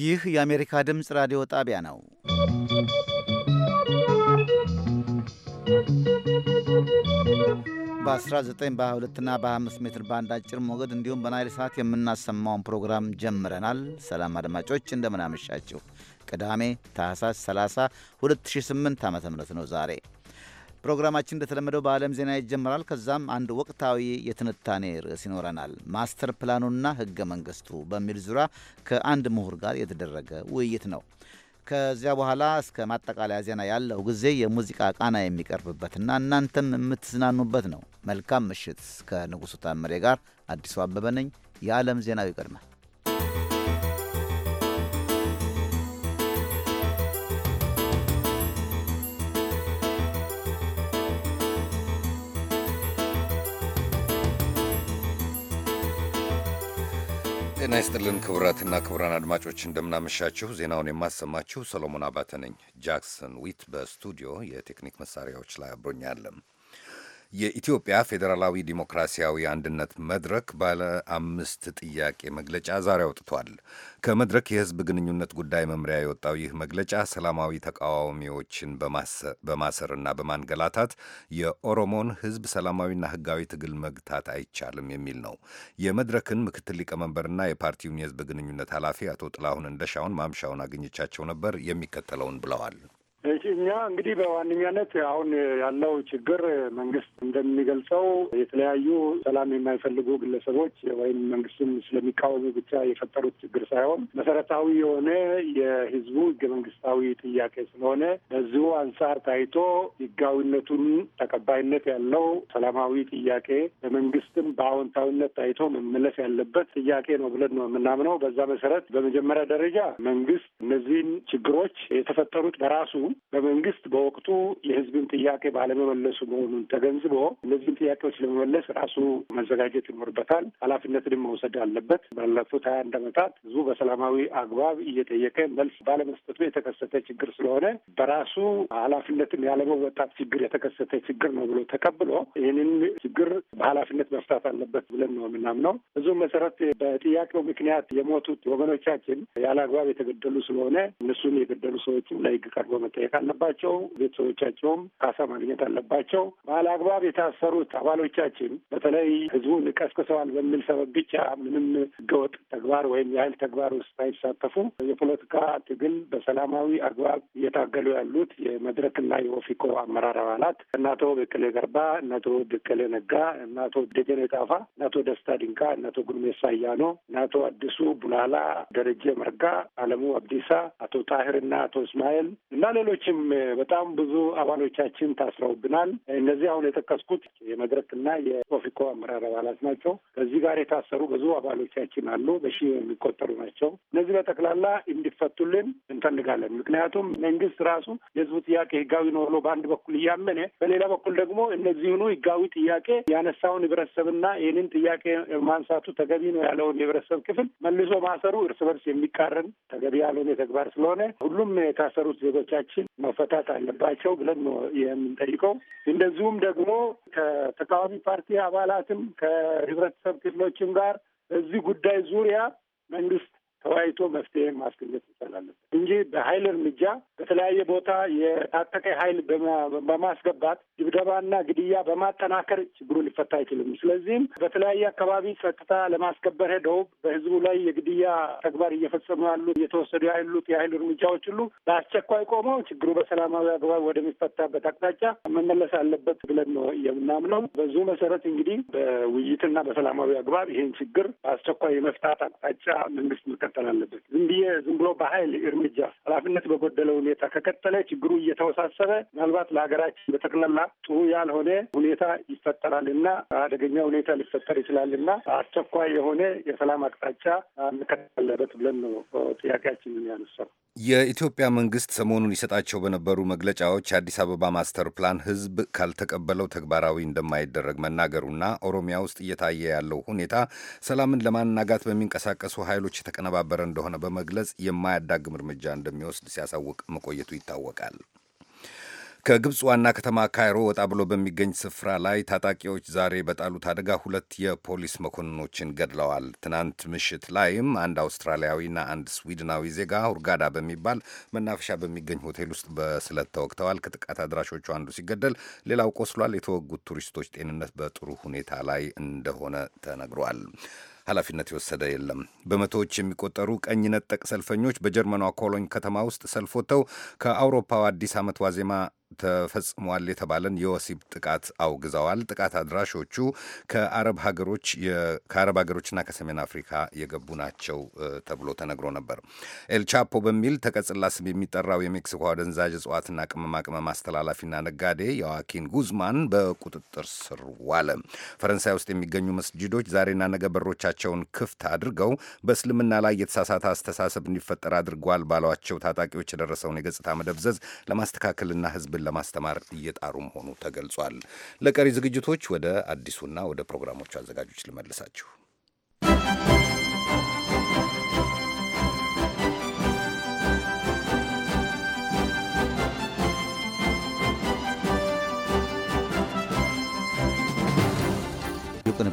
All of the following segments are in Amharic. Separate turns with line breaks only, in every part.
ይህ የአሜሪካ ድምፅ ራዲዮ ጣቢያ ነው። በ19 በ22 እና በ25 ሜትር ባንድ አጭር ሞገድ እንዲሁም በናይል ሰዓት የምናሰማውን ፕሮግራም ጀምረናል። ሰላም አድማጮች እንደምናመሻችሁ። ቅዳሜ ታህሳስ 30 2008 ዓ ም ነው ዛሬ ፕሮግራማችን እንደተለመደው በዓለም ዜና ይጀምራል። ከዛም አንድ ወቅታዊ የትንታኔ ርዕስ ይኖረናል። ማስተር ፕላኑና ህገ መንግስቱ በሚል ዙሪያ ከአንድ ምሁር ጋር የተደረገ ውይይት ነው። ከዚያ በኋላ እስከ ማጠቃለያ ዜና ያለው ጊዜ የሙዚቃ ቃና የሚቀርብበትና እናንተም የምትዝናኑበት ነው። መልካም ምሽት። ከንጉሱ ታምሬ ጋር አዲሱ አበበ ነኝ። የዓለም ዜናው ይቀድማል።
ጤና ይስጥልን ክቡራትና ክቡራን አድማጮች እንደምናመሻችሁ። ዜናውን የማሰማችሁ ሰሎሞን አባተ ነኝ። ጃክሰን ዊት በስቱዲዮ የቴክኒክ መሳሪያዎች ላይ አብሮኛለም። የኢትዮጵያ ፌዴራላዊ ዲሞክራሲያዊ አንድነት መድረክ ባለ አምስት ጥያቄ መግለጫ ዛሬ አውጥቷል። ከመድረክ የሕዝብ ግንኙነት ጉዳይ መምሪያ የወጣው ይህ መግለጫ ሰላማዊ ተቃዋሚዎችን በማሰርና በማንገላታት የኦሮሞን ሕዝብ ሰላማዊና ሕጋዊ ትግል መግታት አይቻልም የሚል ነው። የመድረክን ምክትል ሊቀመንበርና የፓርቲውን የሕዝብ ግንኙነት ኃላፊ አቶ ጥላሁን እንደሻውን ማምሻውን አግኝቻቸው ነበር። የሚከተለውን ብለዋል።
እኛ እንግዲህ በዋነኛነት አሁን ያለው ችግር መንግስት እንደሚገልጸው የተለያዩ ሰላም የማይፈልጉ ግለሰቦች ወይም መንግስቱን ስለሚቃወሙ ብቻ የፈጠሩት ችግር ሳይሆን መሰረታዊ የሆነ የህዝቡ ህገ መንግስታዊ ጥያቄ ስለሆነ በዚሁ አንጻር ታይቶ ህጋዊነቱን ተቀባይነት ያለው ሰላማዊ ጥያቄ በመንግስትም በአዎንታዊነት ታይቶ መመለስ ያለበት ጥያቄ ነው ብለን ነው የምናምነው። በዛ መሰረት በመጀመሪያ ደረጃ መንግስት እነዚህን ችግሮች የተፈጠሩት በራሱ መንግስት በወቅቱ የህዝብን ጥያቄ ባለመመለሱ መሆኑን ተገንዝቦ እነዚህን ጥያቄዎች ለመመለስ ራሱ መዘጋጀት ይኖርበታል፣ ኃላፊነትንም መውሰድ አለበት። ባለፉት ሀያ አንድ ዓመታት ህዝቡ በሰላማዊ አግባብ እየጠየቀ መልስ ባለመስጠቱ የተከሰተ ችግር ስለሆነ በራሱ ኃላፊነትን ያለመወጣት ችግር የተከሰተ ችግር ነው ብሎ ተቀብሎ ይህንን ችግር በኃላፊነት መፍታት አለበት ብለን ነው የምናምነው። ብዙ መሰረት በጥያቄው ምክንያት የሞቱት ወገኖቻችን ያለ አግባብ የተገደሉ ስለሆነ እነሱን የገደሉ ሰዎችም ለህግ ቀርቦ መጠየቅ አለበት። አለባቸው፣ ቤተሰቦቻቸውም ካሳ ማግኘት አለባቸው። ባለአግባብ የታሰሩት አባሎቻችን በተለይ ህዝቡን ቀስቅሰዋል በሚል ሰበብ ብቻ ምንም ህገወጥ ተግባር ወይም የኃይል ተግባር ውስጥ ሳይሳተፉ የፖለቲካ ትግል በሰላማዊ አግባብ እየታገሉ ያሉት የመድረክና የኦፊኮ አመራር አባላት እነ አቶ በቀለ ገርባ፣ እነ አቶ በቀለ ነጋ፣ እነ አቶ ደጀኔ ጣፋ፣ እነ አቶ ደስታ ዲንካ፣ እነ አቶ ጉርሜሳ አያኖ፣ እነ አቶ አዲሱ ቡላላ፣ ደረጀ መርጋ፣ አለሙ አብዲሳ፣ አቶ ጣሂርና አቶ እስማኤል እና ሌሎችም በጣም ብዙ አባሎቻችን ታስረውብናል። እነዚህ አሁን የጠቀስኩት የመድረክና የኦፊኮ አመራር አባላት ናቸው። ከዚህ ጋር የታሰሩ ብዙ አባሎቻችን አሉ፣ በሺ የሚቆጠሩ ናቸው። እነዚህ በጠቅላላ እንዲፈቱልን እንፈልጋለን። ምክንያቱም መንግስት ራሱ የህዝቡ ጥያቄ ህጋዊ ነው ብሎ በአንድ በኩል እያመነ፣ በሌላ በኩል ደግሞ እነዚህኑ ህጋዊ ጥያቄ ያነሳውን ህብረተሰብና ይህንን ጥያቄ ማንሳቱ ተገቢ ነው ያለውን የህብረተሰብ ክፍል መልሶ ማሰሩ እርስ በርስ የሚቃረን ተገቢ ያልሆነ ተግባር ስለሆነ ሁሉም የታሰሩት ዜጎቻችን መፈታት አለባቸው ብለን ነው የምንጠይቀው። እንደዚሁም ደግሞ ከተቃዋሚ ፓርቲ አባላትም ከህብረተሰብ ክፍሎችም ጋር በዚህ ጉዳይ ዙሪያ መንግስት ተወያይቶ መፍትሄ ማስገኘት ይቻላለን እንጂ በኃይል እርምጃ በተለያየ ቦታ የታጠቀ ኃይል በማስገባት ድብደባና ግድያ በማጠናከር ችግሩ ሊፈታ አይችልም። ስለዚህም በተለያየ አካባቢ ጸጥታ ለማስከበር ሄደው በህዝቡ ላይ የግድያ ተግባር እየፈጸሙ ያሉ እየተወሰዱ ያሉት የሀይል እርምጃዎች ሁሉ በአስቸኳይ ቆመው ችግሩ በሰላማዊ አግባብ ወደሚፈታበት አቅጣጫ መመለስ አለበት ብለን ነው የምናምነው። በዙ መሰረት እንግዲህ በውይይትና በሰላማዊ አግባብ ይህን ችግር በአስቸኳይ የመፍታት አቅጣጫ መንግስት መቀጠል አለበት። ዝም ብዬ ዝም ብሎ በኃይል እርምጃ ኃላፊነት በጎደለ ሁኔታ ከቀጠለ ችግሩ እየተወሳሰበ ምናልባት ለሀገራችን በጠቅላላ ጥሩ ያልሆነ ሁኔታ ይፈጠራል እና አደገኛ ሁኔታ ሊፈጠር ይችላል እና አስቸኳይ የሆነ የሰላም አቅጣጫ መከተል አለበት ብለን ነው ጥያቄያችንን ያነሳው።
የኢትዮጵያ መንግስት ሰሞኑን ይሰጣቸው በነበሩ መግለጫዎች የአዲስ አበባ ማስተር ፕላን ህዝብ ካልተቀበለው ተግባራዊ እንደማይደረግ መናገሩና ኦሮሚያ ውስጥ እየታየ ያለው ሁኔታ ሰላምን ለማናጋት በሚንቀሳቀሱ ኃይሎች የተቀነባ እየተቀነባበረ እንደሆነ በመግለጽ የማያዳግም እርምጃ እንደሚወስድ ሲያሳውቅ መቆየቱ ይታወቃል። ከግብፅ ዋና ከተማ ካይሮ ወጣ ብሎ በሚገኝ ስፍራ ላይ ታጣቂዎች ዛሬ በጣሉት አደጋ ሁለት የፖሊስ መኮንኖችን ገድለዋል። ትናንት ምሽት ላይም አንድ አውስትራሊያዊና አንድ ስዊድናዊ ዜጋ ሁርጋዳ በሚባል መናፈሻ በሚገኝ ሆቴል ውስጥ በስለት ተወግተዋል። ከጥቃት አድራሾቹ አንዱ ሲገደል፣ ሌላው ቆስሏል። የተወጉት ቱሪስቶች ጤንነት በጥሩ ሁኔታ ላይ እንደሆነ ተነግሯል። ኃላፊነት የወሰደ የለም። በመቶዎች የሚቆጠሩ ቀኝ ነጠቅ ሰልፈኞች በጀርመኗ ኮሎኝ ከተማ ውስጥ ሰልፎተው ከአውሮፓው አዲስ ዓመት ዋዜማ ተፈጽሟል የተባለን የወሲብ ጥቃት አውግዘዋል። ጥቃት አድራሾቹ ከአረብ ሀገሮች ከአረብ ሀገሮችና ከሰሜን አፍሪካ የገቡ ናቸው ተብሎ ተነግሮ ነበር። ኤልቻፖ በሚል ተቀጽላ ስም የሚጠራው የሜክሲኮ አደንዛዥ እጽዋትና ቅመማ ቅመም አስተላላፊና ነጋዴ የዋኪን ጉዝማን በቁጥጥር ስር ዋለ። ፈረንሳይ ውስጥ የሚገኙ መስጂዶች ዛሬና ነገ በሮቻቸውን ክፍት አድርገው በእስልምና ላይ የተሳሳተ አስተሳሰብ እንዲፈጠር አድርጓል ባሏቸው ታጣቂዎች የደረሰውን የገጽታ መደብዘዝ ለማስተካከልና ህዝብ ህዝብን ለማስተማር እየጣሩ መሆኑ ተገልጿል። ለቀሪ ዝግጅቶች ወደ አዲሱና ወደ ፕሮግራሞቹ አዘጋጆች ልመልሳችሁ።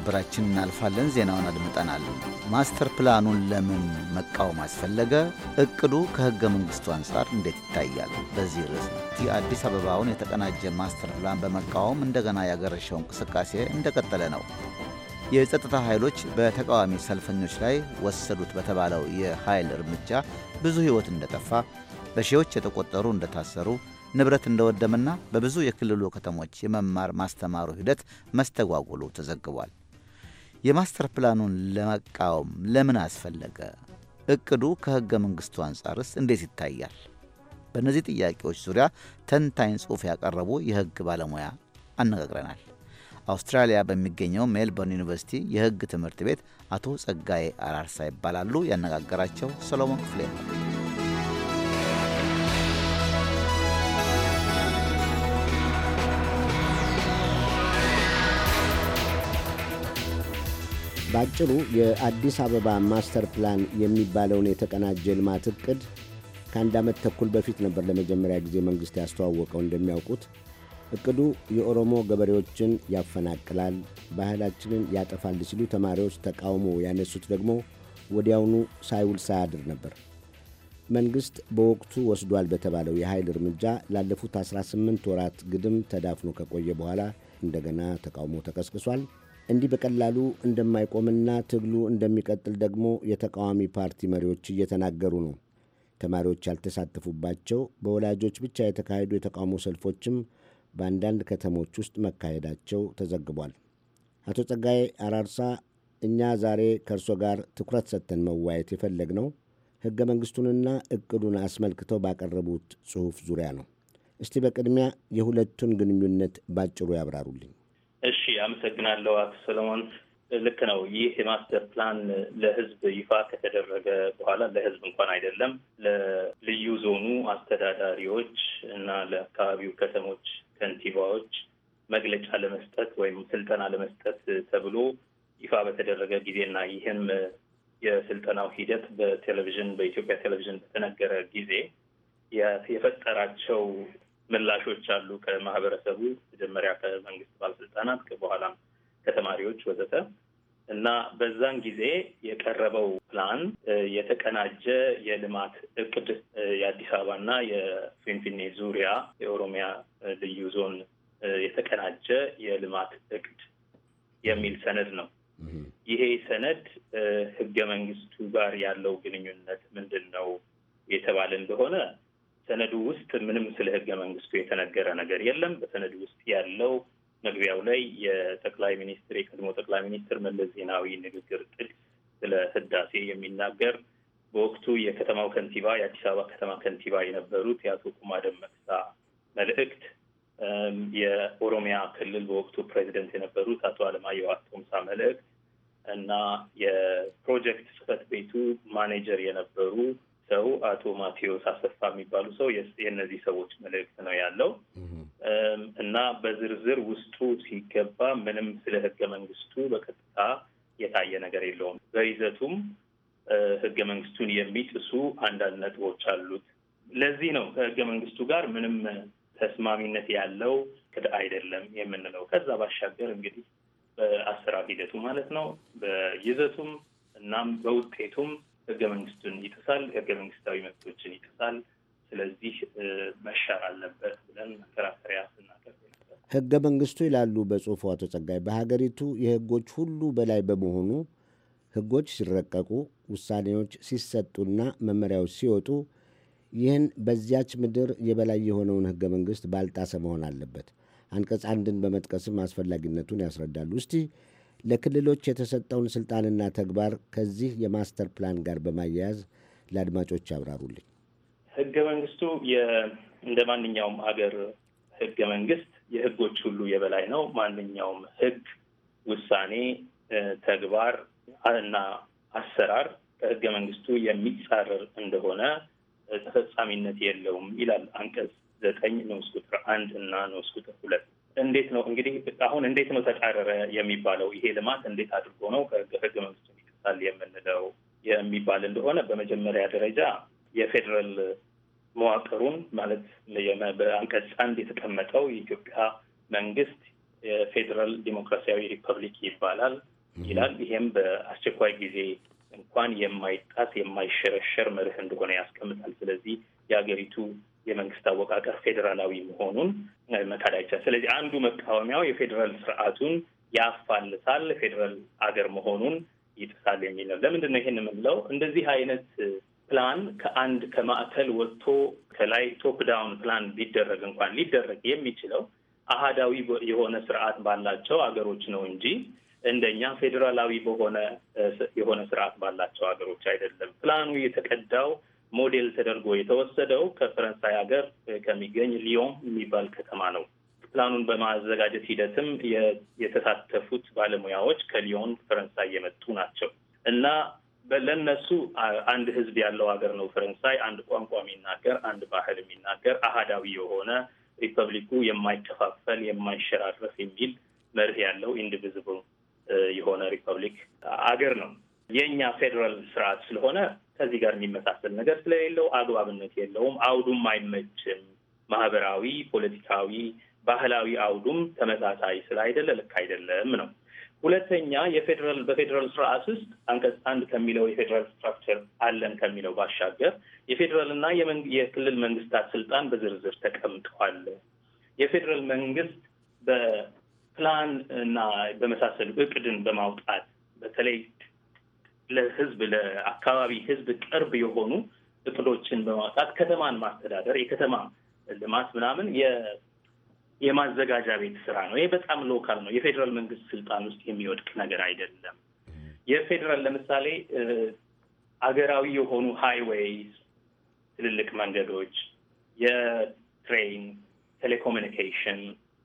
ቅንብራችን እናልፋለን። ዜናውን አድምጠናል። ማስተር ፕላኑን ለምን መቃወም አስፈለገ? እቅዱ ከሕገ መንግሥቱ አንጻር እንዴት ይታያል? በዚህ ርዕስ የአዲስ አበባውን የተቀናጀ ማስተር ፕላን በመቃወም እንደገና ያገረሸው እንቅስቃሴ እንደቀጠለ ነው። የጸጥታ ኃይሎች በተቃዋሚ ሰልፈኞች ላይ ወሰዱት በተባለው የኃይል እርምጃ ብዙ ሕይወት እንደጠፋ፣ በሺዎች የተቆጠሩ እንደታሰሩ ንብረት እንደወደመና በብዙ የክልሉ ከተሞች የመማር ማስተማሩ ሂደት መስተጓጉሉ ተዘግቧል። የማስተር ፕላኑን ለመቃወም ለምን አስፈለገ? እቅዱ ከሕገ መንግሥቱ አንጻርስ እንዴት ይታያል? በእነዚህ ጥያቄዎች ዙሪያ ተንታኝ ጽሑፍ ያቀረቡ የሕግ ባለሙያ አነጋግረናል። አውስትራሊያ በሚገኘው ሜልበርን ዩኒቨርሲቲ የሕግ ትምህርት ቤት አቶ ጸጋዬ አራርሳ ይባላሉ። ያነጋገራቸው ሰሎሞን ክፍሌ ነው።
በአጭሩ የአዲስ አበባ ማስተር ፕላን የሚባለውን የተቀናጀ ልማት እቅድ ከአንድ ዓመት ተኩል በፊት ነበር ለመጀመሪያ ጊዜ መንግሥት ያስተዋወቀው። እንደሚያውቁት እቅዱ የኦሮሞ ገበሬዎችን ያፈናቅላል፣ ባህላችንን ያጠፋል ሲሉ ተማሪዎች ተቃውሞ ያነሱት ደግሞ ወዲያውኑ ሳይውል ሳያድር ነበር። መንግሥት በወቅቱ ወስዷል በተባለው የኃይል እርምጃ ላለፉት 18 ወራት ግድም ተዳፍኖ ከቆየ በኋላ እንደገና ተቃውሞ ተቀስቅሷል። እንዲህ በቀላሉ እንደማይቆምና ትግሉ እንደሚቀጥል ደግሞ የተቃዋሚ ፓርቲ መሪዎች እየተናገሩ ነው። ተማሪዎች ያልተሳተፉባቸው በወላጆች ብቻ የተካሄዱ የተቃውሞ ሰልፎችም በአንዳንድ ከተሞች ውስጥ መካሄዳቸው ተዘግቧል። አቶ ጸጋዬ አራርሳ፣ እኛ ዛሬ ከእርሶ ጋር ትኩረት ሰጥተን መዋየት የፈለግነው ሕገ መንግሥቱንና እቅዱን አስመልክተው ባቀረቡት ጽሑፍ ዙሪያ ነው። እስቲ በቅድሚያ የሁለቱን ግንኙነት ባጭሩ ያብራሩልኝ።
እሺ፣ አመሰግናለሁ አቶ ሰለሞን። ልክ ነው። ይህ የማስተር ፕላን ለህዝብ ይፋ ከተደረገ በኋላ ለህዝብ እንኳን አይደለም ለልዩ ዞኑ አስተዳዳሪዎች እና ለአካባቢው ከተሞች ከንቲባዎች መግለጫ ለመስጠት ወይም ስልጠና ለመስጠት ተብሎ ይፋ በተደረገ ጊዜና ይህም የስልጠናው ሂደት በቴሌቪዥን በኢትዮጵያ ቴሌቪዥን በተነገረ ጊዜ የፈጠራቸው ምላሾች አሉ ከማህበረሰቡ መጀመሪያ ከመንግስት ባለስልጣናት ከበኋላም ከተማሪዎች ወዘተ እና በዛን ጊዜ የቀረበው ፕላን የተቀናጀ የልማት እቅድ የአዲስ አበባና የፊንፊኔ ዙሪያ የኦሮሚያ ልዩ ዞን የተቀናጀ የልማት እቅድ የሚል ሰነድ ነው። ይሄ ሰነድ ህገ መንግስቱ ጋር ያለው ግንኙነት ምንድን ነው የተባለ እንደሆነ ሰነዱ ውስጥ ምንም ስለ ህገ መንግስቱ የተነገረ ነገር የለም። በሰነዱ ውስጥ ያለው መግቢያው ላይ የጠቅላይ ሚኒስትር የቀድሞ ጠቅላይ ሚኒስትር መለስ ዜናዊ ንግግር ጥድ ስለ ህዳሴ የሚናገር በወቅቱ የከተማው ከንቲባ የአዲስ አበባ ከተማ ከንቲባ የነበሩት የአቶ ኩማ ደመቅሳ መልእክት፣ የኦሮሚያ ክልል በወቅቱ ፕሬዚደንት የነበሩት አቶ አለማየሁ አቶምሳ መልእክት እና የፕሮጀክት ጽህፈት ቤቱ ማኔጀር የነበሩ ሰው አቶ ማቴዎስ አሰፋ የሚባሉ ሰው የእነዚህ ሰዎች መልእክት ነው ያለው እና በዝርዝር ውስጡ ሲገባ ምንም ስለ ህገ መንግስቱ በቀጥታ የታየ ነገር የለውም። በይዘቱም ህገ መንግስቱን የሚጥሱ አንዳንድ ነጥቦች አሉት። ለዚህ ነው ከህገ መንግስቱ ጋር ምንም ተስማሚነት ያለው ክድ አይደለም የምንለው። ከዛ ባሻገር እንግዲህ በአሰራር ሂደቱ ማለት ነው በይዘቱም እናም በውጤቱም ህገ መንግስቱን ይጥሳል፣ ህገ መንግስታዊ መብቶችን ይጥሳል። ስለዚህ መሻር አለበት ብለን መከራከሪያ ስናቀርብ
ነበር። ህገ መንግስቱ ይላሉ በጽሁፉ አቶ ጸጋይ በሀገሪቱ የህጎች ሁሉ በላይ በመሆኑ ህጎች ሲረቀቁ፣ ውሳኔዎች ሲሰጡና መመሪያዎች ሲወጡ ይህን በዚያች ምድር የበላይ የሆነውን ህገ መንግስት ባልጣሰ መሆን አለበት። አንቀጽ አንድን በመጥቀስም አስፈላጊነቱን ያስረዳሉ። እስቲ ለክልሎች የተሰጠውን ስልጣንና ተግባር ከዚህ የማስተር ፕላን ጋር በማያያዝ ለአድማጮች ያብራሩልኝ።
ህገ መንግስቱ እንደ ማንኛውም አገር ህገ መንግስት የህጎች ሁሉ የበላይ ነው። ማንኛውም ህግ፣ ውሳኔ፣ ተግባር እና አሰራር ከህገ መንግስቱ የሚጻረር እንደሆነ ተፈጻሚነት የለውም ይላል አንቀጽ ዘጠኝ ንዑስ ቁጥር አንድ እና ንዑስ ቁጥር ሁለት እንዴት ነው እንግዲህ አሁን እንዴት ነው ተጻረረ የሚባለው ይሄ ልማት እንዴት አድርጎ ነው ከህገ መንግስቱ ይጥሳል የምንለው የሚባል እንደሆነ በመጀመሪያ ደረጃ የፌዴራል መዋቅሩን ማለት በአንቀጽ አንድ የተቀመጠው የኢትዮጵያ መንግስት የፌዴራል ዲሞክራሲያዊ ሪፐብሊክ ይባላል ይላል። ይሄም በአስቸኳይ ጊዜ እንኳን የማይጣስ የማይሸረሸር መርህ እንደሆነ ያስቀምጣል። ስለዚህ የሀገሪቱ የመንግስት አወቃቀር ፌዴራላዊ መሆኑን መካድ ስለዚህ አንዱ መቃወሚያው የፌዴራል ስርዓቱን ያፋልሳል፣ ፌዴራል አገር መሆኑን ይጥሳል የሚል ነው። ለምንድን ነው ይሄን የምንለው? እንደዚህ አይነት ፕላን ከአንድ ከማዕከል ወጥቶ ከላይ ቶፕ ዳውን ፕላን ቢደረግ እንኳን ሊደረግ የሚችለው አህዳዊ የሆነ ስርዓት ባላቸው አገሮች ነው እንጂ እንደኛ ፌዴራላዊ በሆነ የሆነ ስርዓት ባላቸው ሀገሮች አይደለም። ፕላኑ የተቀዳው ሞዴል ተደርጎ የተወሰደው ከፈረንሳይ ሀገር ከሚገኝ ሊዮን የሚባል ከተማ ነው። ፕላኑን በማዘጋጀት ሂደትም የተሳተፉት ባለሙያዎች ከሊዮን ፈረንሳይ የመጡ ናቸው እና ለእነሱ አንድ ህዝብ ያለው ሀገር ነው ፈረንሳይ። አንድ ቋንቋ የሚናገር፣ አንድ ባህል የሚናገር፣ አህዳዊ የሆነ ሪፐብሊኩ የማይከፋፈል የማይሸራረፍ የሚል መርህ ያለው ኢንዲቪዚብል የሆነ ሪፐብሊክ አገር ነው የእኛ ፌዴራል ስርዓት ስለሆነ ከዚህ ጋር የሚመሳሰል ነገር ስለሌለው አግባብነት የለውም። አውዱም አይመችም። ማህበራዊ፣ ፖለቲካዊ፣ ባህላዊ አውዱም ተመሳሳይ ስለአይደለ ልክ አይደለም ነው። ሁለተኛ የፌዴራል በፌዴራል ስርዓት ውስጥ አንቀጽ አንድ ከሚለው የፌዴራል ስትራክቸር አለን ከሚለው ባሻገር የፌዴራልና የክልል መንግስታት ስልጣን በዝርዝር ተቀምጠዋል። የፌዴራል መንግስት በፕላን እና በመሳሰሉ እቅድን በማውጣት በተለይ ለህዝብ ለአካባቢ ህዝብ ቅርብ የሆኑ እቅዶችን በማውጣት ከተማን ማስተዳደር የከተማ ልማት ምናምን የማዘጋጃ ቤት ስራ ነው። ይሄ በጣም ሎካል ነው። የፌዴራል መንግስት ስልጣን ውስጥ የሚወድቅ ነገር አይደለም። የፌዴራል ለምሳሌ አገራዊ የሆኑ ሃይዌይስ፣ ትልልቅ መንገዶች፣ የትሬን፣ ቴሌኮሙኒኬሽን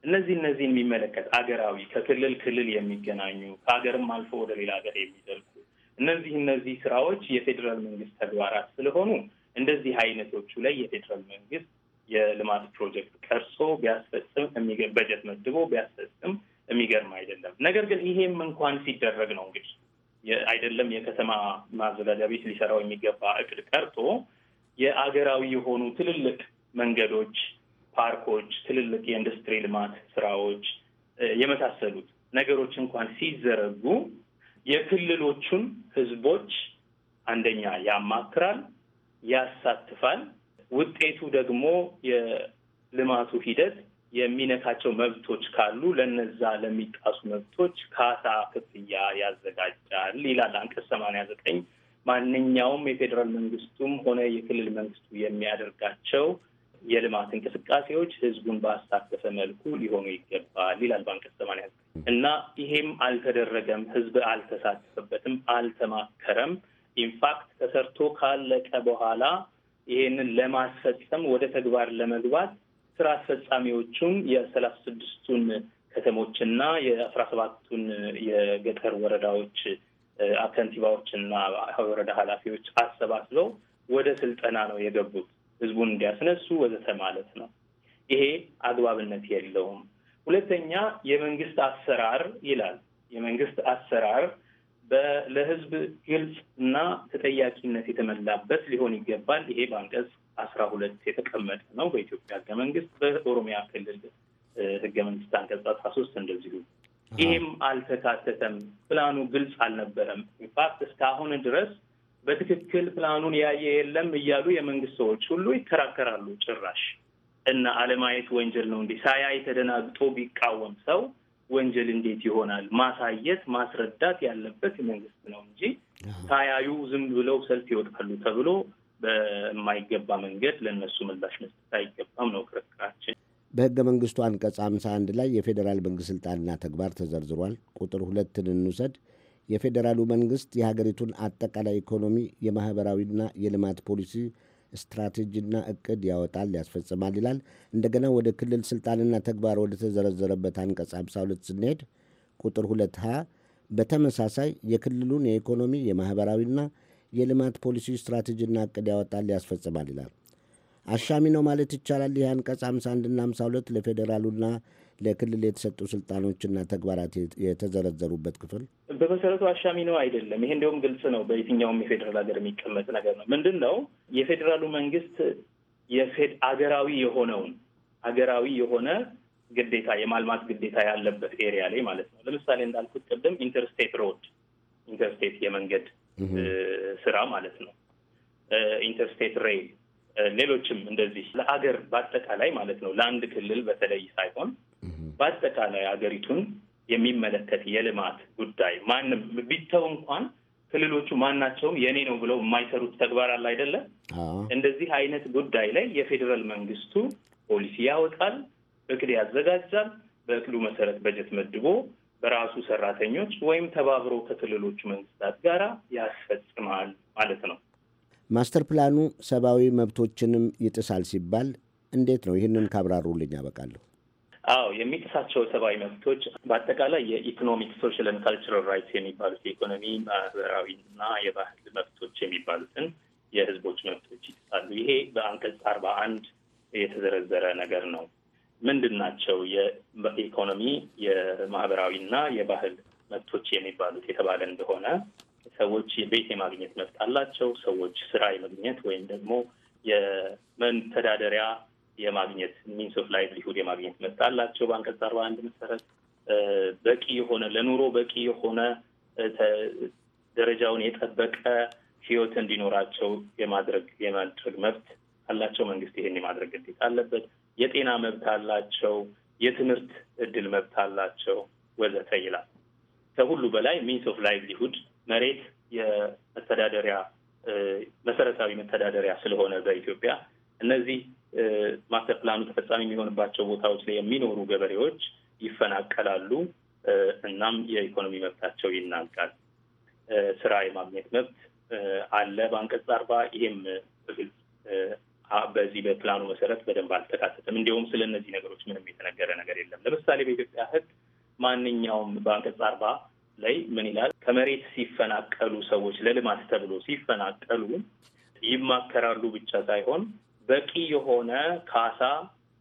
እነዚህ እነዚህን የሚመለከት አገራዊ ከክልል ክልል የሚገናኙ ከሀገርም አልፎ ወደ ሌላ ሀገር የሚደ እነዚህ እነዚህ ስራዎች የፌዴራል መንግስት ተግባራት ስለሆኑ እንደዚህ አይነቶቹ ላይ የፌዴራል መንግስት የልማት ፕሮጀክት ቀርጾ ቢያስፈጽም በጀት መድቦ ቢያስፈጽም የሚገርም አይደለም። ነገር ግን ይሄም እንኳን ሲደረግ ነው እንግዲህ አይደለም የከተማ ማዘጋጃ ቤት ሊሰራው የሚገባ እቅድ ቀርቶ የአገራዊ የሆኑ ትልልቅ መንገዶች፣ ፓርኮች፣ ትልልቅ የኢንዱስትሪ ልማት ስራዎች የመሳሰሉት ነገሮች እንኳን ሲዘረጉ የክልሎቹን ህዝቦች አንደኛ ያማክራል፣ ያሳትፋል። ውጤቱ ደግሞ የልማቱ ሂደት የሚነካቸው መብቶች ካሉ ለነዛ ለሚጣሱ መብቶች ካሳ ክፍያ ያዘጋጃል ይላል አንቀጽ ሰማንያ ዘጠኝ ማንኛውም የፌዴራል መንግስቱም ሆነ የክልል መንግስቱ የሚያደርጋቸው የልማት እንቅስቃሴዎች ህዝቡን ባሳተፈ መልኩ ሊሆኑ ይገባል ይላል በአንቀጽ ሰማንያ እና ይሄም አልተደረገም። ህዝብ አልተሳተፈበትም፣ አልተማከረም። ኢንፋክት ተሰርቶ ካለቀ በኋላ ይሄንን ለማስፈጸም ወደ ተግባር ለመግባት ስራ አስፈጻሚዎቹም የሰላሳ ስድስቱን ከተሞችና የአስራ ሰባቱን የገጠር ወረዳዎች ከንቲባዎችና ወረዳ ኃላፊዎች አሰባስበው ወደ ስልጠና ነው የገቡት። ህዝቡን እንዲያስነሱ ወዘተ ማለት ነው። ይሄ አግባብነት የለውም። ሁለተኛ የመንግስት አሰራር ይላል። የመንግስት አሰራር ለህዝብ ግልጽ እና ተጠያቂነት የተመላበት ሊሆን ይገባል። ይሄ በአንቀጽ አስራ ሁለት የተቀመጠ ነው በኢትዮጵያ ህገ መንግስት፣ በኦሮሚያ ክልል ህገ መንግስት አንቀጽ አስራ ሶስት እንደዚሁ። ይህም አልተካተተም። ፕላኑ ግልጽ አልነበረም። ኢንፋክት እስካሁን ድረስ በትክክል ፕላኑን ያየ የለም እያሉ የመንግስት ሰዎች ሁሉ ይከራከራሉ። ጭራሽ እና አለማየት ወንጀል ነው እንዴ? ሳያይ ተደናግጦ ቢቃወም ሰው ወንጀል እንዴት ይሆናል? ማሳየት ማስረዳት ያለበት መንግስት ነው እንጂ ሳያዩ ዝም ብለው ሰልፍ ይወጣሉ ተብሎ በማይገባ መንገድ ለእነሱ ምላሽ መስጠት አይገባም ነው ክርክራችን።
በህገ መንግስቱ አንቀጽ አምሳ አንድ ላይ የፌዴራል መንግስት ስልጣንና ተግባር ተዘርዝሯል። ቁጥር ሁለትን እንውሰድ። የፌዴራሉ መንግሥት የሀገሪቱን አጠቃላይ ኢኮኖሚ፣ የማኅበራዊና የልማት ፖሊሲ ስትራቴጂና እቅድ ያወጣል፣ ያስፈጽማል ይላል። እንደገና ወደ ክልል ሥልጣንና ተግባር ወደ ተዘረዘረበት አንቀጽ 52 ስንሄድ ቁጥር ሁለት ሀ በተመሳሳይ የክልሉን የኢኮኖሚ የማኅበራዊና የልማት ፖሊሲ ስትራቴጂና እቅድ ያወጣል፣ ያስፈጽማል ይላል። አሻሚ ነው ማለት ይቻላል። ይህ አንቀጽ 51ና 52 ለፌዴራሉና ለክልል የተሰጡ ስልጣኖችና ተግባራት የተዘረዘሩበት ክፍል
በመሰረቱ
አሻሚ ነው አይደለም። ይሄ እንዲሁም ግልጽ ነው። በየትኛውም የፌዴራል ሀገር የሚቀመጥ ነገር ነው። ምንድን ነው የፌዴራሉ መንግስት አገራዊ የሆነውን አገራዊ የሆነ ግዴታ የማልማት ግዴታ ያለበት ኤሪያ ላይ ማለት ነው። ለምሳሌ እንዳልኩት ቅድም ኢንተርስቴት ሮድ ኢንተርስቴት የመንገድ ስራ ማለት ነው። ኢንተርስቴት ሬል ሌሎችም እንደዚህ ለአገር በአጠቃላይ ማለት ነው ለአንድ ክልል በተለይ ሳይሆን በአጠቃላይ ሀገሪቱን የሚመለከት የልማት ጉዳይ ማንም ቢተው እንኳን ክልሎቹ ማናቸውም የኔ ነው ብለው የማይሰሩት ተግባር አለ አይደለም። እንደዚህ አይነት ጉዳይ ላይ የፌዴራል መንግስቱ ፖሊሲ ያወጣል፣ እቅድ ያዘጋጃል። በእቅዱ መሰረት በጀት መድቦ በራሱ ሰራተኞች ወይም ተባብሮ ከክልሎቹ መንግስታት ጋር ያስፈጽማል ማለት ነው።
ማስተር ፕላኑ ሰብአዊ መብቶችንም ይጥሳል ሲባል እንዴት ነው? ይህንን ካብራሩልኝ ያበቃለሁ።
አዎ የሚጥሳቸው ሰብአዊ መብቶች በአጠቃላይ የኢኮኖሚክ ሶሻል ን ካልቸራል ራይትስ የሚባሉት የኢኮኖሚ ማህበራዊና የባህል መብቶች የሚባሉትን የህዝቦች መብቶች ይጥሳሉ። ይሄ በአንቀጽ አርባ አንድ የተዘረዘረ ነገር ነው። ምንድን ናቸው የኢኮኖሚ የማህበራዊና የባህል መብቶች የሚባሉት የተባለ እንደሆነ ሰዎች ቤት የማግኘት መብት አላቸው። ሰዎች ስራ የመግኘት ወይም ደግሞ የመተዳደሪያ የማግኘት ሚንስ ኦፍ ላይቭሊሁድ የማግኘት መብት አላቸው። በአንቀጽ አርባ አንድ መሰረት በቂ የሆነ ለኑሮ በቂ የሆነ ደረጃውን የጠበቀ ህይወት እንዲኖራቸው የማድረግ የማድረግ መብት አላቸው። መንግስት ይሄን የማድረግ ግዴታ አለበት። የጤና መብት አላቸው። የትምህርት እድል መብት አላቸው ወዘተ ይላል። ከሁሉ በላይ ሚንስ ኦፍ ላይቭሊሁድ መሬት የመተዳደሪያ መሰረታዊ መተዳደሪያ ስለሆነ በኢትዮጵያ እነዚህ ማስተር ፕላኑ ተፈጻሚ የሚሆንባቸው ቦታዎች ላይ የሚኖሩ ገበሬዎች ይፈናቀላሉ። እናም የኢኮኖሚ መብታቸው ይናጋል። ስራ የማግኘት መብት አለ በአንቀጽ አርባ ይሄም በዚህ በፕላኑ መሰረት በደንብ አልተካተተም። እንዲሁም ስለ እነዚህ ነገሮች ምንም የተነገረ ነገር የለም። ለምሳሌ በኢትዮጵያ ሕግ ማንኛውም በአንቀጽ አርባ ላይ ምን ይላል? ከመሬት ሲፈናቀሉ ሰዎች ለልማት ተብሎ ሲፈናቀሉ ይማከራሉ ብቻ ሳይሆን በቂ የሆነ ካሳ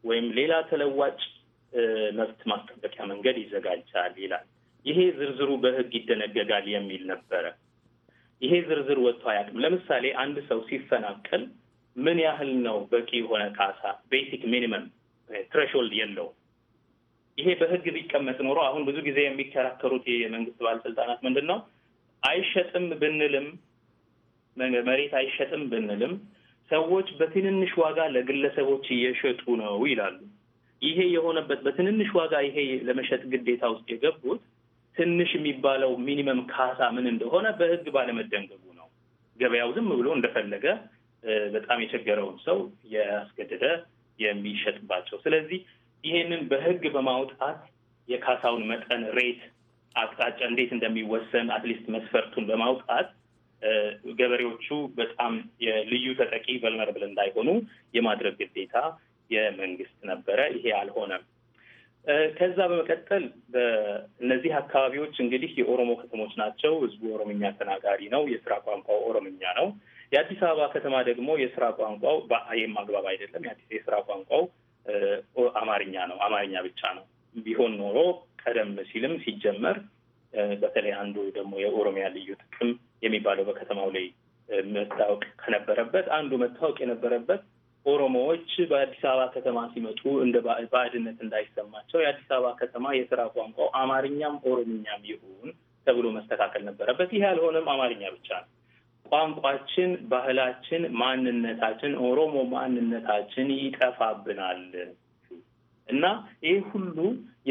ወይም ሌላ ተለዋጭ መብት ማስጠበቂያ መንገድ ይዘጋጃል ይላል። ይሄ ዝርዝሩ በህግ ይደነገጋል የሚል ነበረ። ይሄ ዝርዝር ወጥቶ አያውቅም። ለምሳሌ አንድ ሰው ሲፈናቀል ምን ያህል ነው በቂ የሆነ ካሳ? ቤሲክ ሚኒመም ትሬሽሆልድ የለውም። ይሄ በህግ ቢቀመጥ ኖሮ አሁን ብዙ ጊዜ የሚከራከሩት የመንግስት ባለስልጣናት ምንድን ነው አይሸጥም ብንልም መሬት አይሸጥም ብንልም ሰዎች በትንንሽ ዋጋ ለግለሰቦች እየሸጡ ነው ይላሉ። ይሄ የሆነበት በትንንሽ ዋጋ ይሄ ለመሸጥ ግዴታ ውስጥ የገቡት ትንሽ የሚባለው ሚኒመም ካሳ ምን እንደሆነ በሕግ ባለመደንገቡ ነው። ገበያው ዝም ብሎ እንደፈለገ በጣም የቸገረውን ሰው ያስገደደ የሚሸጥባቸው። ስለዚህ ይሄንን በሕግ በማውጣት የካሳውን መጠን ሬት፣ አቅጣጫ እንዴት እንደሚወሰን አትሊስት መስፈርቱን በማውጣት ገበሬዎቹ በጣም የልዩ ተጠቂ በልመር ብል እንዳይሆኑ የማድረግ ግዴታ የመንግስት ነበረ። ይሄ አልሆነም። ከዛ በመቀጠል በእነዚህ አካባቢዎች እንግዲህ የኦሮሞ ከተሞች ናቸው። ህዝቡ ኦሮምኛ ተናጋሪ ነው። የስራ ቋንቋው ኦሮምኛ ነው። የአዲስ አበባ ከተማ ደግሞ የስራ ቋንቋው በአየም አግባብ አይደለም። የስራ ቋንቋው አማርኛ ነው። አማርኛ ብቻ ነው። ቢሆን ኖሮ ቀደም ሲልም ሲጀመር በተለይ አንዱ ደግሞ የኦሮሚያ ልዩ ጥቅም የሚባለው በከተማው ላይ መታወቅ ከነበረበት አንዱ መታወቅ የነበረበት ኦሮሞዎች በአዲስ አበባ ከተማ ሲመጡ እንደ ባዕድነት እንዳይሰማቸው የአዲስ አበባ ከተማ የስራ ቋንቋው አማርኛም ኦሮምኛም ይሁን ተብሎ መስተካከል ነበረበት። ይህ ያልሆነም አማርኛ ብቻ ነው። ቋንቋችን፣ ባህላችን፣ ማንነታችን፣ ኦሮሞ ማንነታችን ይጠፋብናል እና ይህ ሁሉ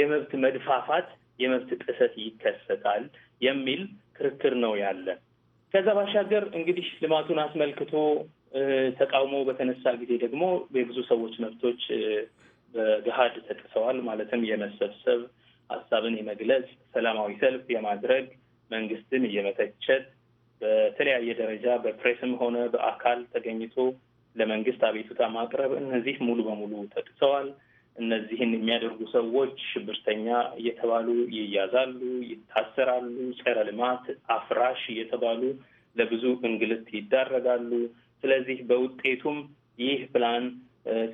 የመብት መድፋፋት፣ የመብት ጥሰት ይከሰታል የሚል ክርክር ነው ያለን። ከዛ ባሻገር እንግዲህ ልማቱን አስመልክቶ ተቃውሞ በተነሳ ጊዜ ደግሞ የብዙ ሰዎች መብቶች በገሀድ ተጥሰዋል። ማለትም የመሰብሰብ፣ ሀሳብን የመግለጽ፣ ሰላማዊ ሰልፍ የማድረግ፣ መንግስትን እየመተቸት በተለያየ ደረጃ በፕሬስም ሆነ በአካል ተገኝቶ ለመንግስት አቤቱታ ማቅረብ እነዚህ ሙሉ በሙሉ ተጥሰዋል። እነዚህን የሚያደርጉ ሰዎች ሽብርተኛ እየተባሉ ይያዛሉ፣ ይታሰራሉ። ጸረ ልማት አፍራሽ እየተባሉ ለብዙ እንግልት ይዳረጋሉ። ስለዚህ በውጤቱም ይህ ፕላን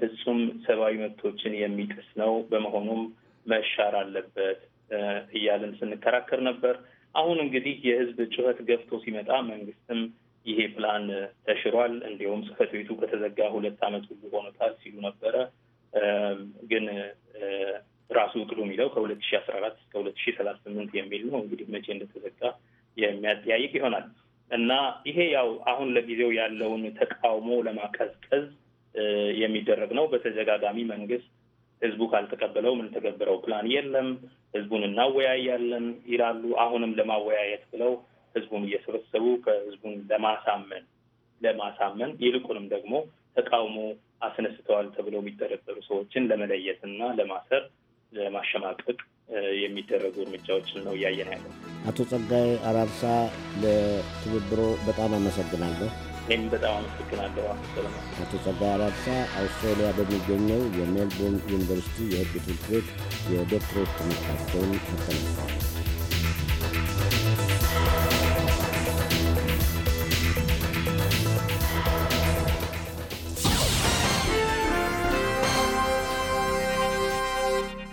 ፍጹም ሰብአዊ መብቶችን የሚጥስ ነው። በመሆኑም መሻር አለበት እያልን ስንከራከር ነበር። አሁን እንግዲህ የህዝብ ጩኸት ገፍቶ ሲመጣ መንግስትም ይሄ ፕላን ተሽሯል፣ እንዲሁም ጽህፈት ቤቱ ከተዘጋ ሁለት ዓመት ሁሉ ሆኖታል ሲሉ ነበረ ግን ራሱ እቅዱ የሚለው ከሁለት ሺ አስራ አራት እስከ ሁለት ሺ ሰላሳ ስምንት የሚል ነው። እንግዲህ መቼ እንደተዘጋ የሚያጠያይቅ ይሆናል እና ይሄ ያው አሁን ለጊዜው ያለውን ተቃውሞ ለማቀዝቀዝ የሚደረግ ነው። በተደጋጋሚ መንግስት ህዝቡ ካልተቀበለው የምንተገብረው ፕላን የለም፣ ህዝቡን እናወያያለን ይላሉ። አሁንም ለማወያየት ብለው ህዝቡን እየሰበሰቡ ከህዝቡን ለማሳመን ለማሳመን ይልቁንም ደግሞ ተቃውሞ አስነስተዋል ተብለው የሚጠረጠሩ ሰዎችን ለመለየት እና ለማሰር ለማሸማቀቅ የሚደረጉ እርምጃዎችን ነው እያየን ያለ።
አቶ ጸጋይ አራርሳ ለትብብሮ በጣም አመሰግናለሁ።
እኔም በጣም አመሰግናለሁ።
አቶ ጸጋይ አራርሳ አውስትራሊያ በሚገኘው የሜልቦርን ዩኒቨርሲቲ የሕግ ትምህርት ቤት የዶክትሬት ትምህርታቸውን አጠናቀዋል።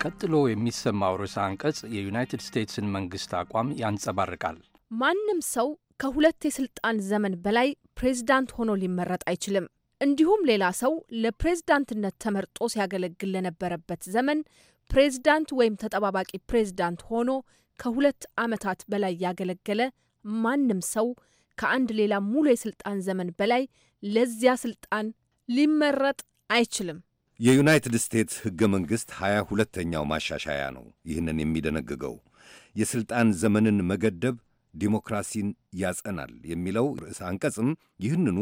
ቀጥሎ የሚሰማው ርዕሰ አንቀጽ የዩናይትድ ስቴትስን መንግስት አቋም ያንጸባርቃል።
ማንም ሰው ከሁለት የስልጣን ዘመን በላይ ፕሬዝዳንት ሆኖ ሊመረጥ አይችልም። እንዲሁም ሌላ ሰው ለፕሬዝዳንትነት ተመርጦ ሲያገለግል ለነበረበት ዘመን ፕሬዝዳንት ወይም ተጠባባቂ ፕሬዝዳንት ሆኖ ከሁለት ዓመታት በላይ ያገለገለ ማንም ሰው ከአንድ ሌላ ሙሉ የስልጣን ዘመን በላይ ለዚያ ስልጣን ሊመረጥ አይችልም።
የዩናይትድ ስቴትስ ሕገ መንግሥት ሀያ ሁለተኛው ማሻሻያ ነው ይህንን የሚደነግገው። የሥልጣን ዘመንን መገደብ ዲሞክራሲን ያጸናል የሚለው ርዕስ አንቀጽም ይህንኑ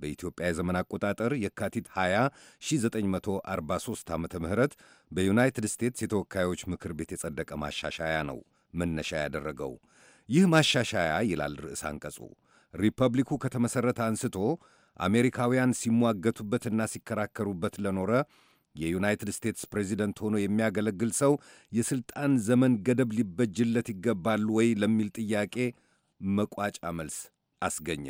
በኢትዮጵያ የዘመን አቆጣጠር የካቲት 20 1943 ዓ ም በዩናይትድ ስቴትስ የተወካዮች ምክር ቤት የጸደቀ ማሻሻያ ነው መነሻ ያደረገው። ይህ ማሻሻያ ይላል ርዕስ አንቀጹ ሪፐብሊኩ ከተመሠረተ አንስቶ አሜሪካውያን ሲሟገቱበትና ሲከራከሩበት ለኖረ የዩናይትድ ስቴትስ ፕሬዚደንት ሆኖ የሚያገለግል ሰው የሥልጣን ዘመን ገደብ ሊበጅለት ይገባል ወይ ለሚል ጥያቄ መቋጫ መልስ አስገኘ።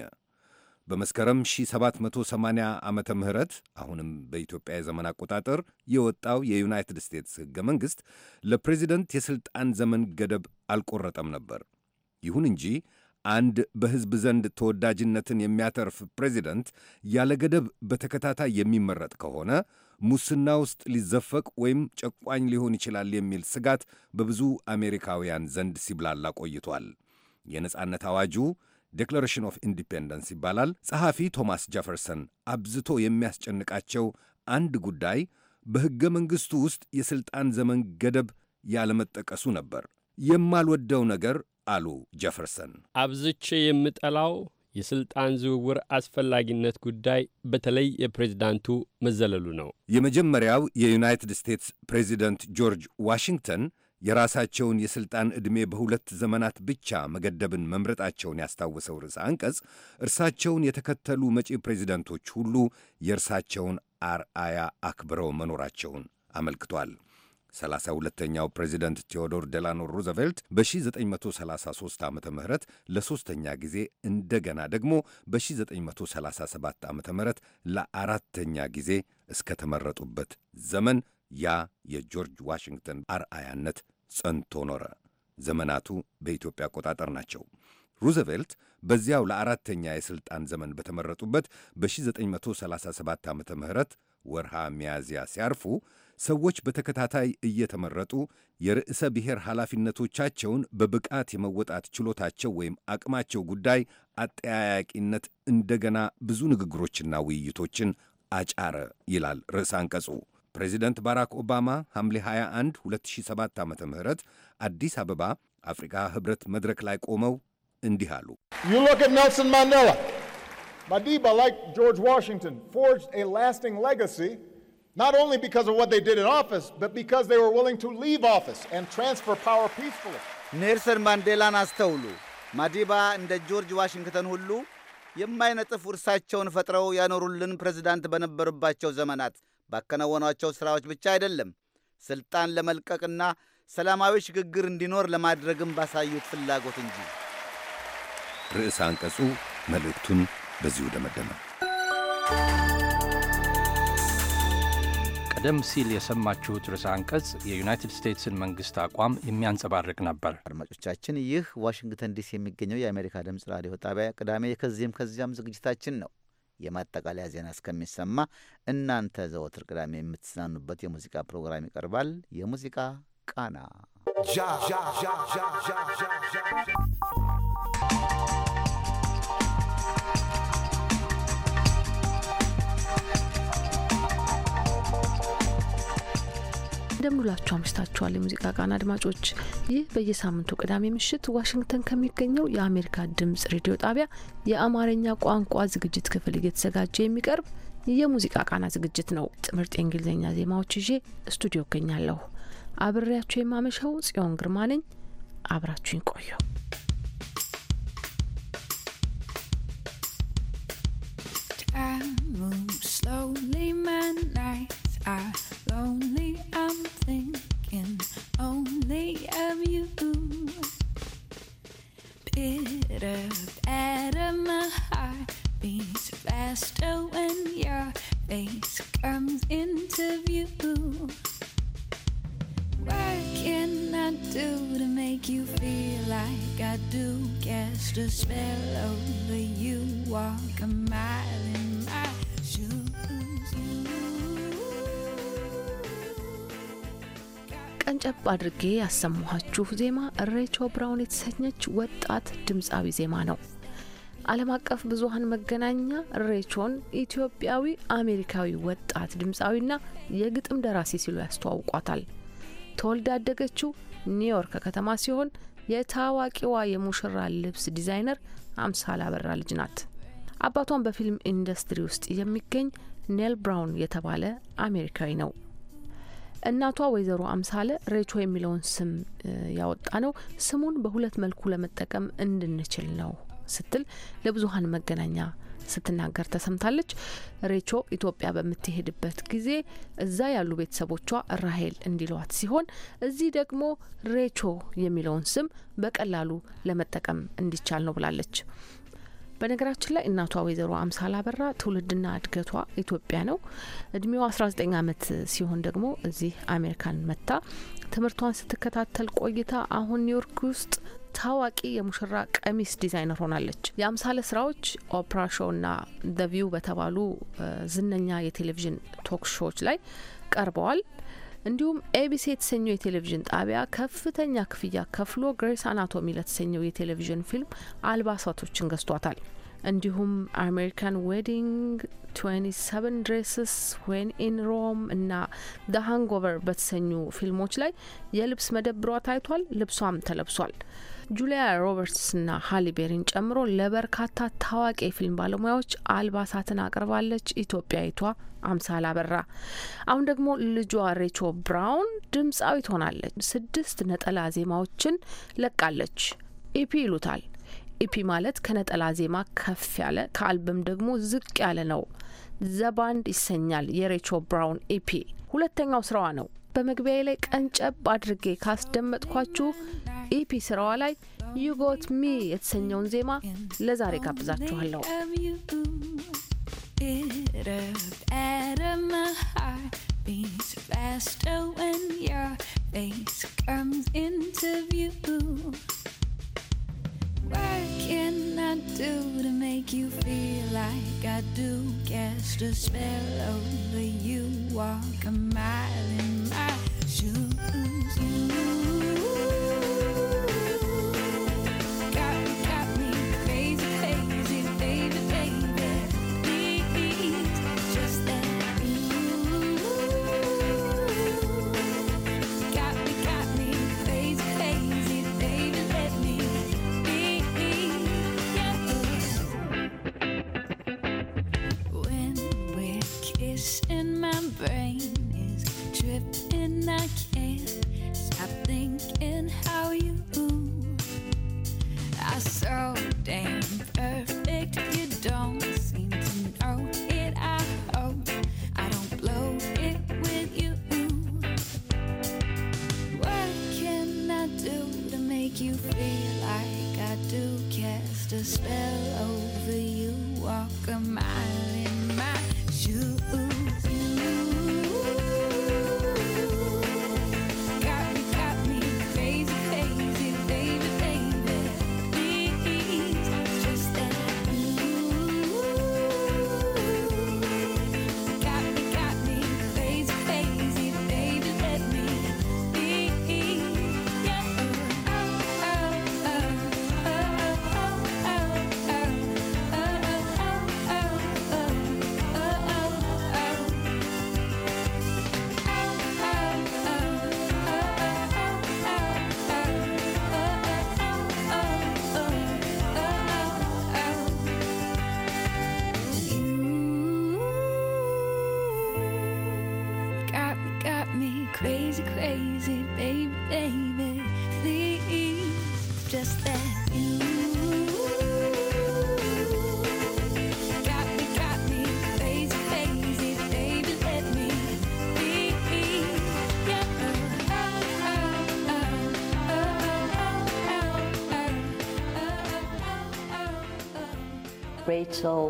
በመስከረም 1780 ዓመተ ምህረት አሁንም በኢትዮጵያ የዘመን አቆጣጠር የወጣው የዩናይትድ ስቴትስ ሕገ መንግሥት ለፕሬዚደንት የሥልጣን ዘመን ገደብ አልቆረጠም ነበር። ይሁን እንጂ አንድ በሕዝብ ዘንድ ተወዳጅነትን የሚያተርፍ ፕሬዚደንት ያለ ገደብ በተከታታይ የሚመረጥ ከሆነ ሙስና ውስጥ ሊዘፈቅ ወይም ጨቋኝ ሊሆን ይችላል የሚል ስጋት በብዙ አሜሪካውያን ዘንድ ሲብላላ ቆይቷል። የነጻነት አዋጁ ዴክላሬሽን ኦፍ ኢንዲፔንደንስ ይባላል። ጸሐፊ ቶማስ ጀፈርሰን አብዝቶ የሚያስጨንቃቸው አንድ ጉዳይ በሕገ መንግሥቱ ውስጥ የሥልጣን ዘመን ገደብ ያለመጠቀሱ ነበር። የማልወደው ነገር አሉ ጀፈርሰን።
አብዝቼ የምጠላው የሥልጣን ዝውውር
አስፈላጊነት
ጉዳይ በተለይ
የፕሬዚዳንቱ መዘለሉ ነው። የመጀመሪያው የዩናይትድ ስቴትስ ፕሬዚደንት ጆርጅ ዋሽንግተን የራሳቸውን የሥልጣን ዕድሜ በሁለት ዘመናት ብቻ መገደብን መምረጣቸውን ያስታወሰው ርዕሰ አንቀጽ እርሳቸውን የተከተሉ መጪ ፕሬዚደንቶች ሁሉ የእርሳቸውን አርአያ አክብረው መኖራቸውን አመልክቷል። 32ኛው ፕሬዚደንት ቴዎዶር ዴላኖ ሩዘቬልት በ1933 ዓ ም ለሦስተኛ ጊዜ እንደገና ደግሞ በ1937 ዓ ም ለአራተኛ ጊዜ እስከተመረጡበት ዘመን ያ የጆርጅ ዋሽንግተን አርአያነት ጸንቶ ኖረ። ዘመናቱ በኢትዮጵያ አቆጣጠር ናቸው። ሩዘቬልት በዚያው ለአራተኛ የሥልጣን ዘመን በተመረጡበት በ1937 ዓ ም ወርሃ ሚያዝያ ሲያርፉ ሰዎች በተከታታይ እየተመረጡ የርዕሰ ብሔር ኃላፊነቶቻቸውን በብቃት የመወጣት ችሎታቸው ወይም አቅማቸው ጉዳይ አጠያያቂነት እንደገና ብዙ ንግግሮችና ውይይቶችን አጫረ ይላል ርዕሰ አንቀጹ። ፕሬዚደንት ባራክ ኦባማ ሐምሌ 21 2007 ዓ ም አዲስ አበባ አፍሪካ ህብረት መድረክ ላይ ቆመው እንዲህ አሉ።
ኔልሰን ማንዴላ ማዲባ ላይክ ጆርጅ ዋሽንግተን ፎርጅድ
ኤ ላስቲንግ ሌጋሲ not only because of what they did in office, but because they were willing to leave office and transfer power peacefully. ኔልሰን ማንዴላን አስተውሉ። ማዲባ እንደ ጆርጅ ዋሽንግተን ሁሉ የማይነጥፍ ውርሳቸውን ፈጥረው ያኖሩልን ፕሬዝዳንት በነበሩባቸው ዘመናት ባከናወኗቸው ሥራዎች ብቻ አይደለም፣ ሥልጣን ለመልቀቅና ሰላማዊ ሽግግር እንዲኖር ለማድረግም ባሳዩት ፍላጎት እንጂ።
ርዕስ አንቀጹ መልእክቱን በዚሁ ደመደመ።
ቀደም ሲል የሰማችሁት ርዕሰ አንቀጽ የዩናይትድ
ስቴትስን መንግስት አቋም የሚያንጸባርቅ ነበር። አድማጮቻችን፣ ይህ ዋሽንግተን ዲሲ የሚገኘው የአሜሪካ ድምፅ ራዲዮ ጣቢያ ቅዳሜ ከዚህም ከዚያም ዝግጅታችን ነው። የማጠቃለያ ዜና እስከሚሰማ እናንተ ዘወትር ቅዳሜ የምትዝናኑበት የሙዚቃ ፕሮግራም ይቀርባል። የሙዚቃ ቃና
እንደምንላችሁ አምሽታችኋል። የሙዚቃ ቃና አድማጮች፣ ይህ በየሳምንቱ ቅዳሜ ምሽት ዋሽንግተን ከሚገኘው የአሜሪካ ድምፅ ሬዲዮ ጣቢያ የአማርኛ ቋንቋ ዝግጅት ክፍል እየተዘጋጀ የሚቀርብ የሙዚቃ ቃና ዝግጅት ነው። ትምህርት የእንግሊዝኛ ዜማዎች ይዤ ስቱዲዮ እገኛለሁ። አብሬያቸው የማመሻው ጽዮን ግርማ ነኝ። አብራችሁኝ ቆዩ።
slowly, Only I'm thinking only of you. out of my heart beats faster when your face comes into view. What can I do to make you feel like I do? Cast a spell over you, walk a mile in my shoes.
ቀንጨብ አድርጌ ያሰማኋችሁ ዜማ ሬቾ ብራውን የተሰኘች ወጣት ድምፃዊ ዜማ ነው። ዓለም አቀፍ ብዙሀን መገናኛ ሬቾን ኢትዮጵያዊ አሜሪካዊ ወጣት ድምፃዊና የግጥም ደራሲ ሲሉ ያስተዋውቋታል። ተወልዳ ያደገችው ኒውዮርክ ከተማ ሲሆን የታዋቂዋ የሙሽራ ልብስ ዲዛይነር አምሳል አበራ ልጅ ናት። አባቷን በፊልም ኢንዱስትሪ ውስጥ የሚገኝ ኔል ብራውን የተባለ አሜሪካዊ ነው። እናቷ ወይዘሮ አምሳለ ሬቾ የሚለውን ስም ያወጣ ነው ስሙን በሁለት መልኩ ለመጠቀም እንድንችል ነው ስትል ለብዙሀን መገናኛ ስትናገር ተሰምታለች። ሬቾ ኢትዮጵያ በምትሄድበት ጊዜ እዛ ያሉ ቤተሰቦቿ ራሄል እንዲለዋት ሲሆን እዚህ ደግሞ ሬቾ የሚለውን ስም በቀላሉ ለመጠቀም እንዲቻል ነው ብላለች። በነገራችን ላይ እናቷ ወይዘሮ አምሳል አበራ ትውልድና እድገቷ ኢትዮጵያ ነው። እድሜዋ 19 ዓመት ሲሆን ደግሞ እዚህ አሜሪካን መታ ትምህርቷን ስትከታተል ቆይታ አሁን ኒውዮርክ ውስጥ ታዋቂ የሙሽራ ቀሚስ ዲዛይነር ሆናለች። የአምሳለ ስራዎች ኦፕራ ሾውና ና ቪው በተባሉ ዝነኛ የቴሌቪዥን ቶክ ሾዎች ላይ ቀርበዋል። እንዲሁም ኤቢሲ የተሰኘው የቴሌቪዥን ጣቢያ ከፍተኛ ክፍያ ከፍሎ ግሬስ አናቶሚ ለተሰኘው የቴሌቪዥን ፊልም አልባሳቶችን ገዝቷታል። እንዲሁም አሜሪካን ዌዲንግ 27 ድሬስስ ዌን ኢን ሮም እና ደ ሃንጎቨር በተሰኙ ፊልሞች ላይ የልብስ መደብሯ ታይቷል። ልብሷም ተለብሷል። ጁሊያ ሮበርትስና ሀሊቤሪን ጨምሮ ለበርካታ ታዋቂ የፊልም ባለሙያዎች አልባሳትን አቅርባለች ኢትዮጵያዊቷ አምሳል አበራ። አሁን ደግሞ ልጇ ሬቾ ብራውን ድምፃዊ ትሆናለች። ስድስት ነጠላ ዜማዎችን ለቃለች። ኢፒ ይሉታል። ኢፒ ማለት ከነጠላ ዜማ ከፍ ያለ ከአልበም ደግሞ ዝቅ ያለ ነው። ዘባንድ ይሰኛል የሬቾ ብራውን ኢፒ ሁለተኛው ስራዋ ነው። በመግቢያዬ ላይ ቀንጨብ አድርጌ ካስደመጥኳችሁ ኢፒ ስራዋ ላይ ዩጎት ሚ የተሰኘውን ዜማ ለዛሬ ጋብዛችኋለሁ።
faster when your face comes into view. What can I do to make you feel like I do? Cast a spell over you, walk a mile in my shoes.
Rachel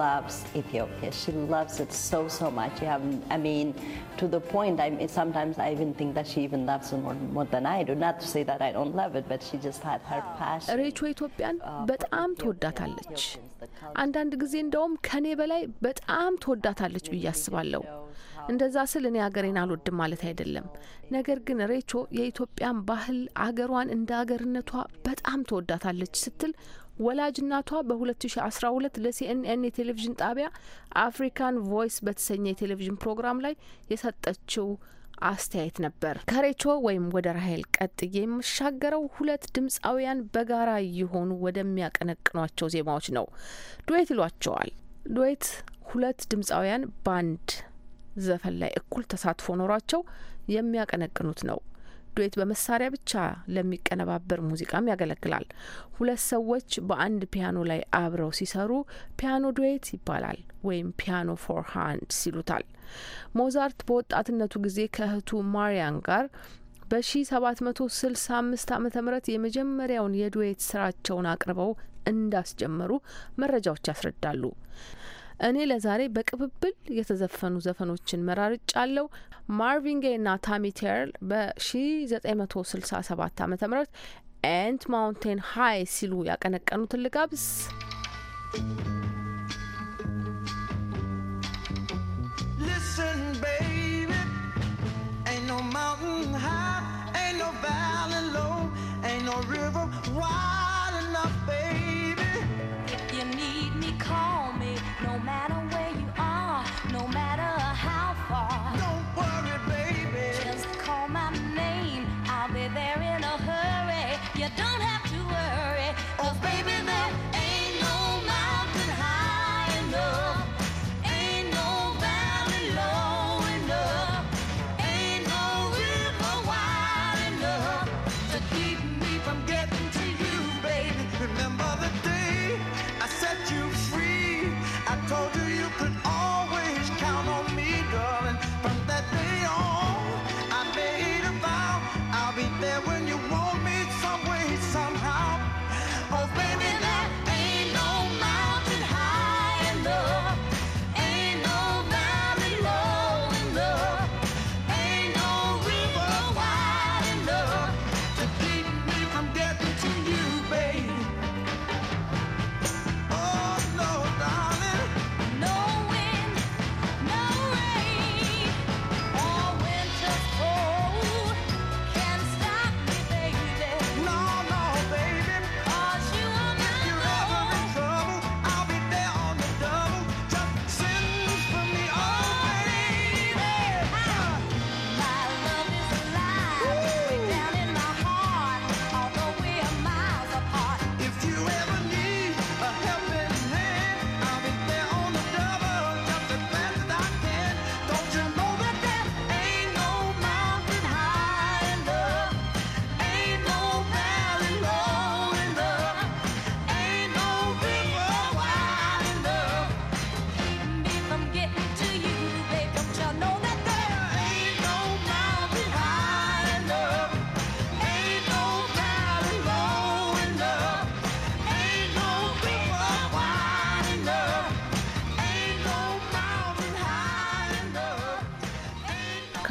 loves Ethiopia. She loves it so, so much. You Have, I mean, to the point, I mean, sometimes I even think that she even loves it more,
more than I do. Not to say that I don't love it, but she just had her passion. Rachel Ethiopian, but I'm ሬቾ ኢትዮጵያን በጣም ትወዳታለች። አንዳንድ ጊዜ እንደውም ከኔ በላይ በጣም ትወዳታለች ብዬ አስባለሁ። እንደዛ ስል እኔ ሀገሬን አልወድም ማለት አይደለም። ነገር ግን ሬቾ የኢትዮጵያን ባህል አገሯን እንደ አገርነቷ በጣም ትወዳታለች ስትል ወላጅ እናቷ በ2012 ለሲኤንኤን የቴሌቪዥን ጣቢያ አፍሪካን ቮይስ በተሰኘ የቴሌቪዥን ፕሮግራም ላይ የሰጠችው አስተያየት ነበር። ከሬቾ ወይም ወደ ራሄል ቀጥዬ የምሻገረው ሁለት ድምፃውያን በጋራ እየሆኑ ወደሚያቀነቅኗቸው ዜማዎች ነው። ዱዌት ይሏቸዋል። ዱዌት ሁለት ድምፃውያን በአንድ ዘፈን ላይ እኩል ተሳትፎ ኖሯቸው የሚያቀነቅኑት ነው። ዱዌት በመሳሪያ ብቻ ለሚቀነባበር ሙዚቃም ያገለግላል። ሁለት ሰዎች በአንድ ፒያኖ ላይ አብረው ሲሰሩ ፒያኖ ዱዌት ይባላል ወይም ፒያኖ ፎር ሃንድ ሲሉታል። ሞዛርት በወጣትነቱ ጊዜ ከእህቱ ማሪያን ጋር በ1765 ዓ ም የመጀመሪያውን የዱዌት ስራቸውን አቅርበው እንዳስጀመሩ መረጃዎች ያስረዳሉ። እኔ ለዛሬ በቅብብል የተዘፈኑ ዘፈኖችን መራርጫ አለው። ማርቪን ጌይ ና ታሚ ቴርል በ1967 ዓ ም ኤንት ማውንቴን ሃይ ሲሉ ያቀነቀኑትን ልጋብዝ።
Listen, no mountain high, ain't
no valley low, ain't no river wide.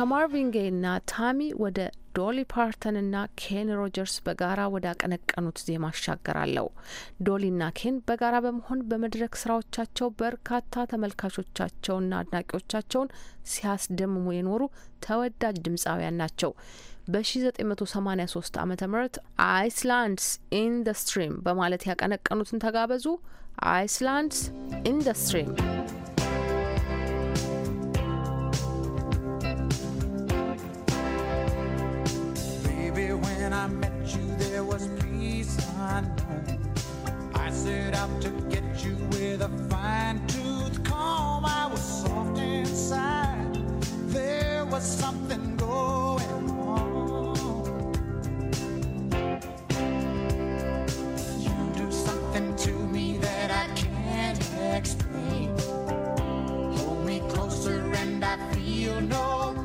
ከማርቪን ጌይና ታሚ ወደ ዶሊ ፓርተንና ኬን ሮጀርስ በጋራ ወዳቀነቀኑት ዜማ አሻገራለሁ። ዶሊና ኬን በጋራ በመሆን በመድረክ ስራዎቻቸው በርካታ ተመልካቾቻቸውና አድናቂዎቻቸውን ሲያስደምሙ የኖሩ ተወዳጅ ድምፃውያን ናቸው። በ1983 ዓ ም አይስላንድስ ኢንደስትሪም በማለት ያቀነቀኑትን ተጋበዙ። አይስላንድስ ኢንደስትሪም
When I met you, there was peace unknown. I set out to get you with a fine tooth comb. I was soft inside. There was something going on. You do something to me that I can't explain. Hold me closer, and I feel no.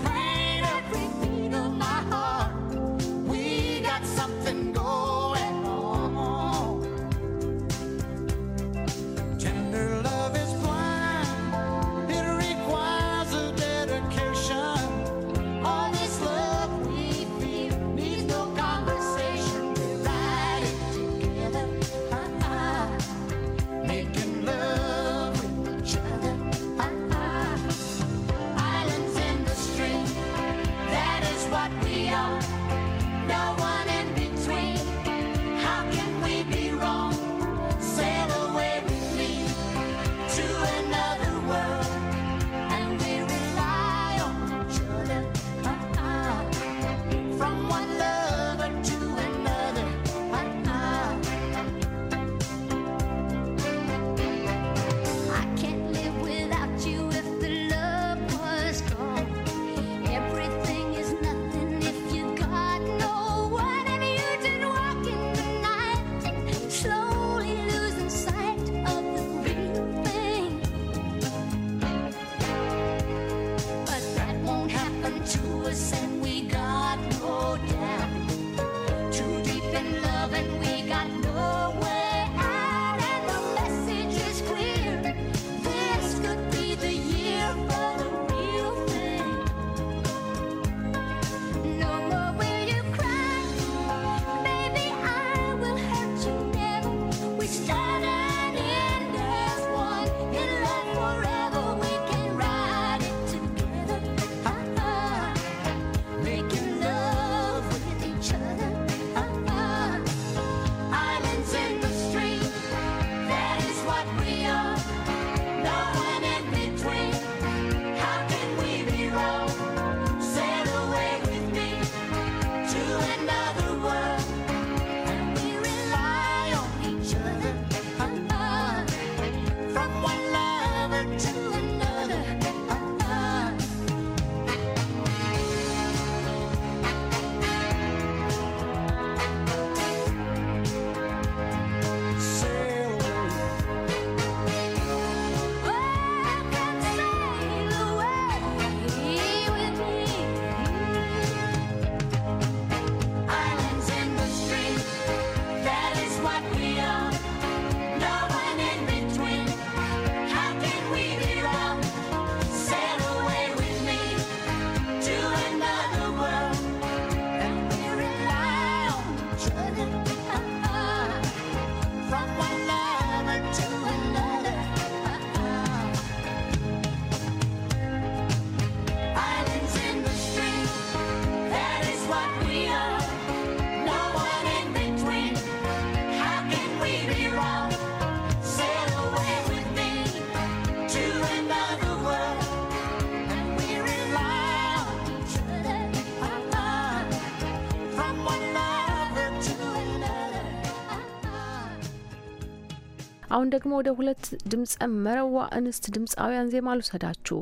አሁን ደግሞ ወደ ሁለት ድምጸ መረዋ እንስት ድምፃውያን ዜማ ልውሰዳችሁ።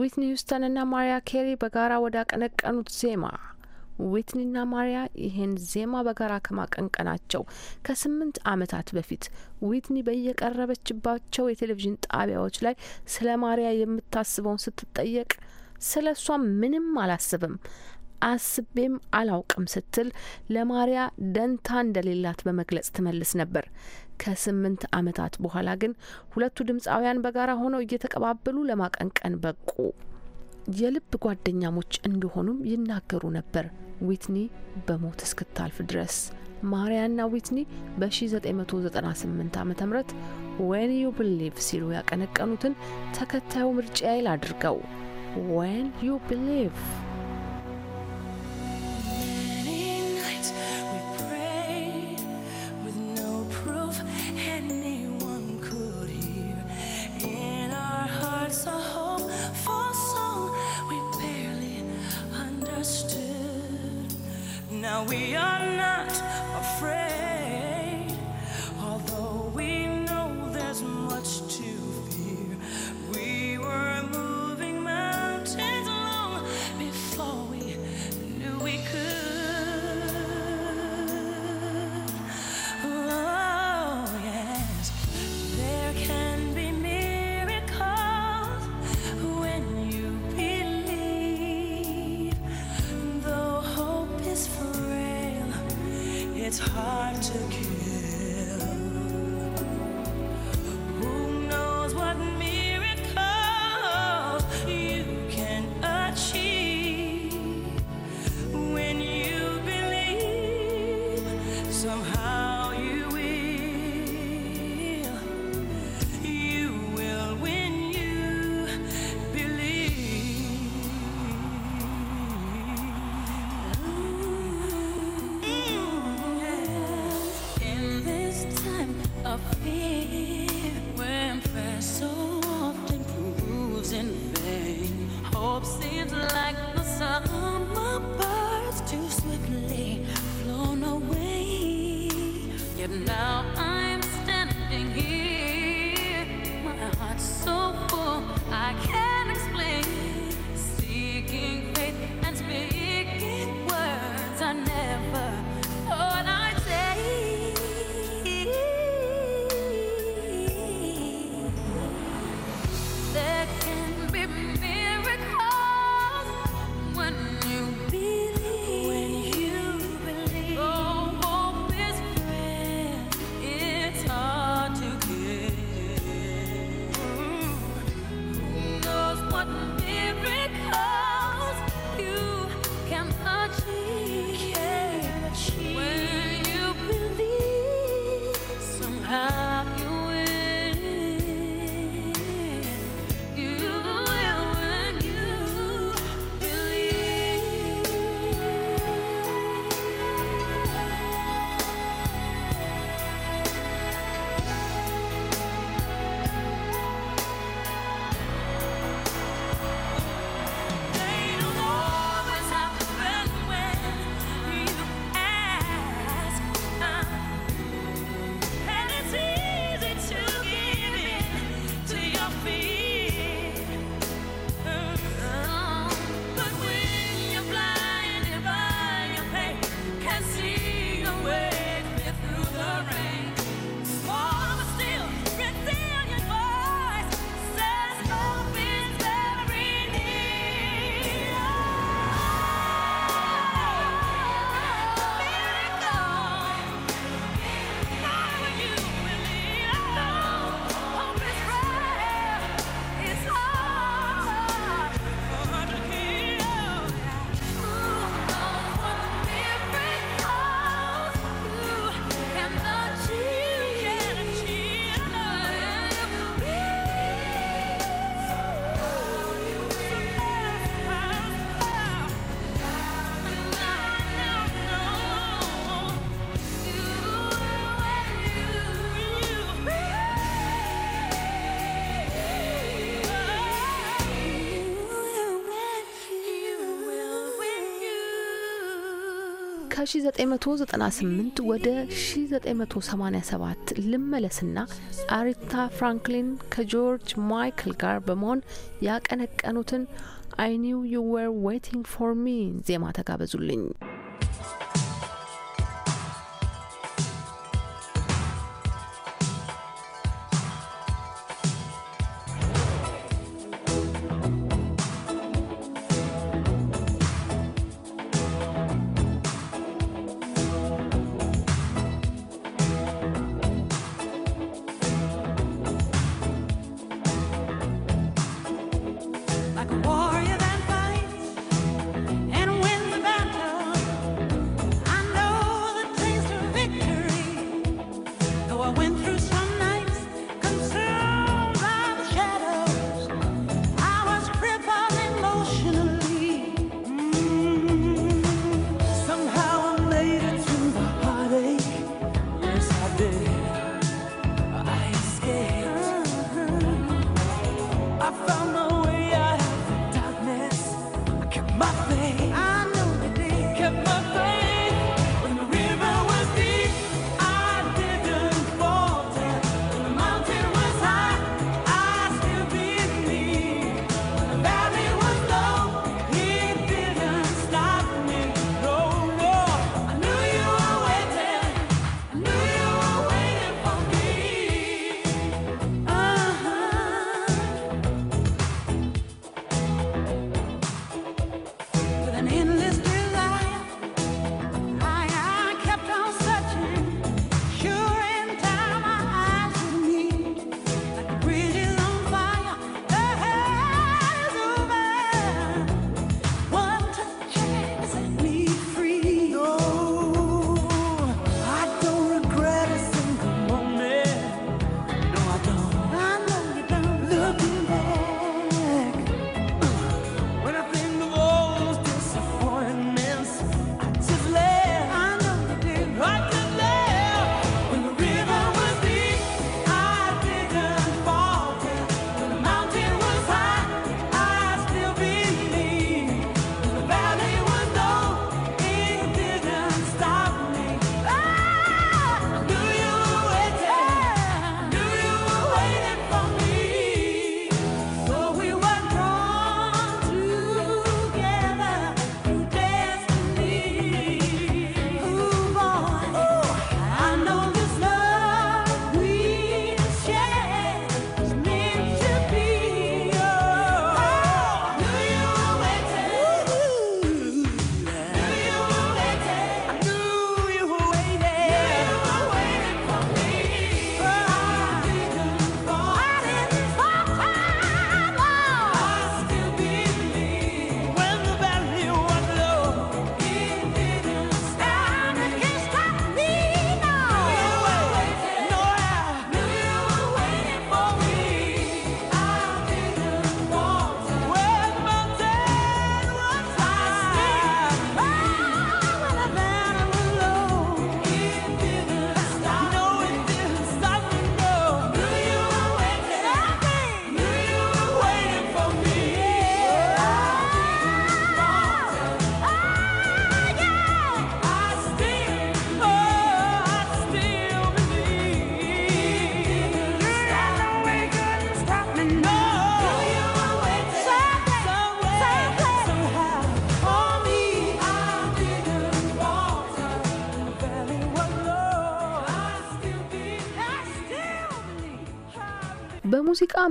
ዊትኒ እና ማሪያ ኬሪ በጋራ ወዳቀነቀኑት ዜማ ዊትኒና ማሪያ ይህን ዜማ በጋራ ከማቀንቀናቸው ከስምንት ዓመታት በፊት ዊትኒ በየቀረበችባቸው የቴሌቪዥን ጣቢያዎች ላይ ስለ ማሪያ የምታስበውን ስትጠየቅ ስለ እሷ ምንም አላስብም አስቤም አላውቅም ስትል ለማሪያ ደንታ እንደሌላት በመግለጽ ትመልስ ነበር። ከስምንት ዓመታት በኋላ ግን ሁለቱ ድምፃውያን በጋራ ሆነው እየተቀባበሉ ለማቀንቀን በቁ። የልብ ጓደኛሞች እንደሆኑም ይናገሩ ነበር ዊትኒ በሞት እስክታልፍ ድረስ። ማሪያና ዊትኒ በ1998 ዓ ም ዌን ዩ ብሊቭ ሲሉ ያቀነቀኑትን ተከታዩ ምርጫ ይል አድርገው ዌን ዩ ብሊቭ we are 1998 ወደ 1987 ልመለስና አሪታ ፍራንክሊን ከጆርጅ ማይክል ጋር በመሆን ያቀነቀኑትን አይ ኒው ዩ ዌር ዌቲንግ ፎር ሚ ዜማ ተጋበዙልኝ።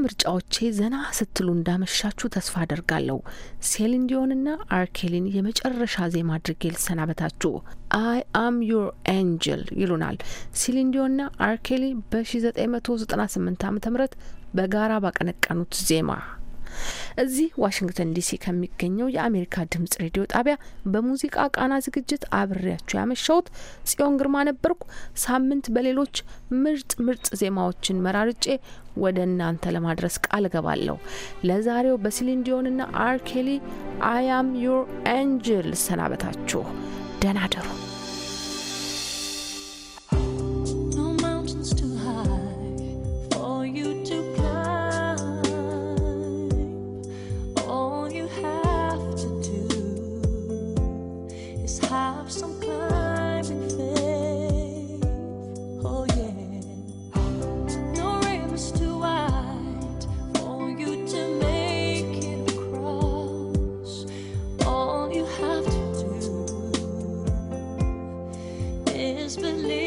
ምርጫዎቼ ዘና ስትሉ እንዳመሻችሁ ተስፋ አደርጋለሁ። ሴሊን ዲዮንና አርኬሊን የመጨረሻ ዜማ አድርጌ ልሰናበታችሁ። አይ አም ዩር ኤንጀል ይሉናል ሴሊን ዲዮንና አርኬሊን በ1998 ዓ ም በጋራ ባቀነቀኑት ዜማ እዚህ ዋሽንግተን ዲሲ ከሚገኘው የአሜሪካ ድምጽ ሬዲዮ ጣቢያ በሙዚቃ ቃና ዝግጅት አብሬያችሁ ያመሻውት ጽዮን ግርማ ነበርኩ። ሳምንት በሌሎች ምርጥ ምርጥ ዜማዎችን መራርጬ ወደ እናንተ ለማድረስ ቃል ገባለሁ። ለዛሬው በሲሊንዲዮንና አርኬሊ አያም ዩር አንጅል ሰናበታችሁ። ደህና ደሩ።
have some climbing faith. Oh, yeah. No rivers too wide for you to make it
across.
All you have to do is believe.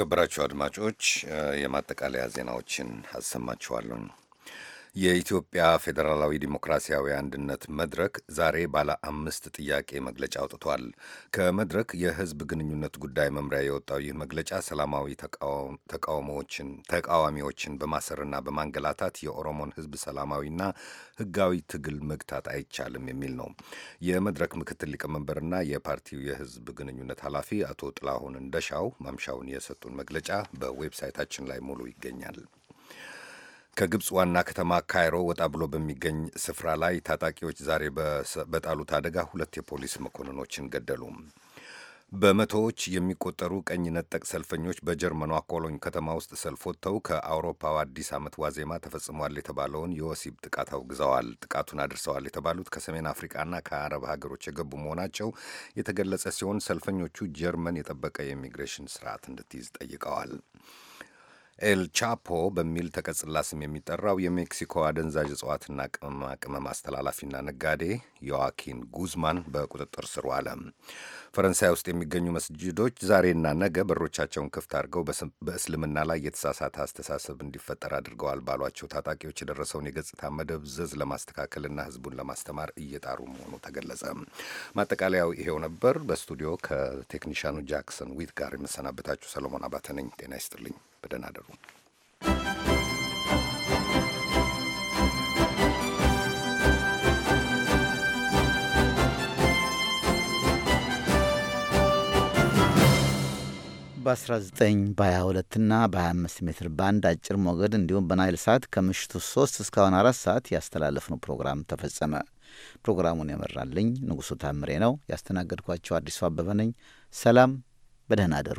የተከበራችሁ አድማጮች የማጠቃለያ ዜናዎችን አሰማችኋለሁ። የኢትዮጵያ ፌዴራላዊ ዲሞክራሲያዊ አንድነት መድረክ ዛሬ ባለ አምስት ጥያቄ መግለጫ አውጥቷል። ከመድረክ የህዝብ ግንኙነት ጉዳይ መምሪያ የወጣው ይህ መግለጫ ሰላማዊ ተቃውሞዎችን ተቃዋሚዎችን በማሰርና በማንገላታት የኦሮሞን ህዝብ ሰላማዊና ህጋዊ ትግል መግታት አይቻልም የሚል ነው። የመድረክ ምክትል ሊቀመንበርና የፓርቲው የህዝብ ግንኙነት ኃላፊ አቶ ጥላሁን እንደሻው ማምሻውን የሰጡን መግለጫ በዌብሳይታችን ላይ ሙሉ ይገኛል። ከግብፅ ዋና ከተማ ካይሮ ወጣ ብሎ በሚገኝ ስፍራ ላይ ታጣቂዎች ዛሬ በጣሉት አደጋ ሁለት የፖሊስ መኮንኖችን ገደሉ። በመቶዎች የሚቆጠሩ ቀኝ ነጠቅ ሰልፈኞች በጀርመኗ ኮሎኝ ከተማ ውስጥ ሰልፍ ወጥተው ከአውሮፓው አዲስ ዓመት ዋዜማ ተፈጽሟል የተባለውን የወሲብ ጥቃት አውግዘዋል። ጥቃቱን አድርሰዋል የተባሉት ከሰሜን አፍሪቃና ከአረብ ሀገሮች የገቡ መሆናቸው የተገለጸ ሲሆን ሰልፈኞቹ ጀርመን የጠበቀ የኢሚግሬሽን ስርዓት እንድትይዝ ጠይቀዋል። ኤል ቻፖ በሚል ተቀጽላ ስም የሚጠራው የሜክሲኮ አደንዛዥ እጽዋትና ቅመማ ቅመም አስተላላፊና ነጋዴ ዮዋኪን ጉዝማን በቁጥጥር ስር ዋለ። ፈረንሳይ ውስጥ የሚገኙ መስጅዶች ዛሬና ነገ በሮቻቸውን ክፍት አድርገው በእስልምና ላይ የተሳሳተ አስተሳሰብ እንዲፈጠር አድርገዋል ባሏቸው ታጣቂዎች የደረሰውን የገጽታ መደብዘዝ ለማስተካከልና ሕዝቡን ለማስተማር እየጣሩ መሆኑ ተገለጸ። ማጠቃለያው ይሄው ነበር። በስቱዲዮ ከቴክኒሻኑ ጃክሰን ዊት ጋር የመሰናበታችሁ ሰለሞን አባተ ነኝ። ጤና ይስጥልኝ። በደህና አደሩ።
በ19 በ22 እና በ25 ሜትር ባንድ አጭር ሞገድ እንዲሁም በናይል ሰዓት ከምሽቱ 3 እስካሁን አራት ሰዓት ያስተላለፍነው ፕሮግራም ተፈጸመ። ፕሮግራሙን የመራልኝ ንጉሡ ታምሬ ነው። ያስተናገድኳቸው አዲሱ አበበ ነኝ። ሰላም፣ በደህና አደሩ።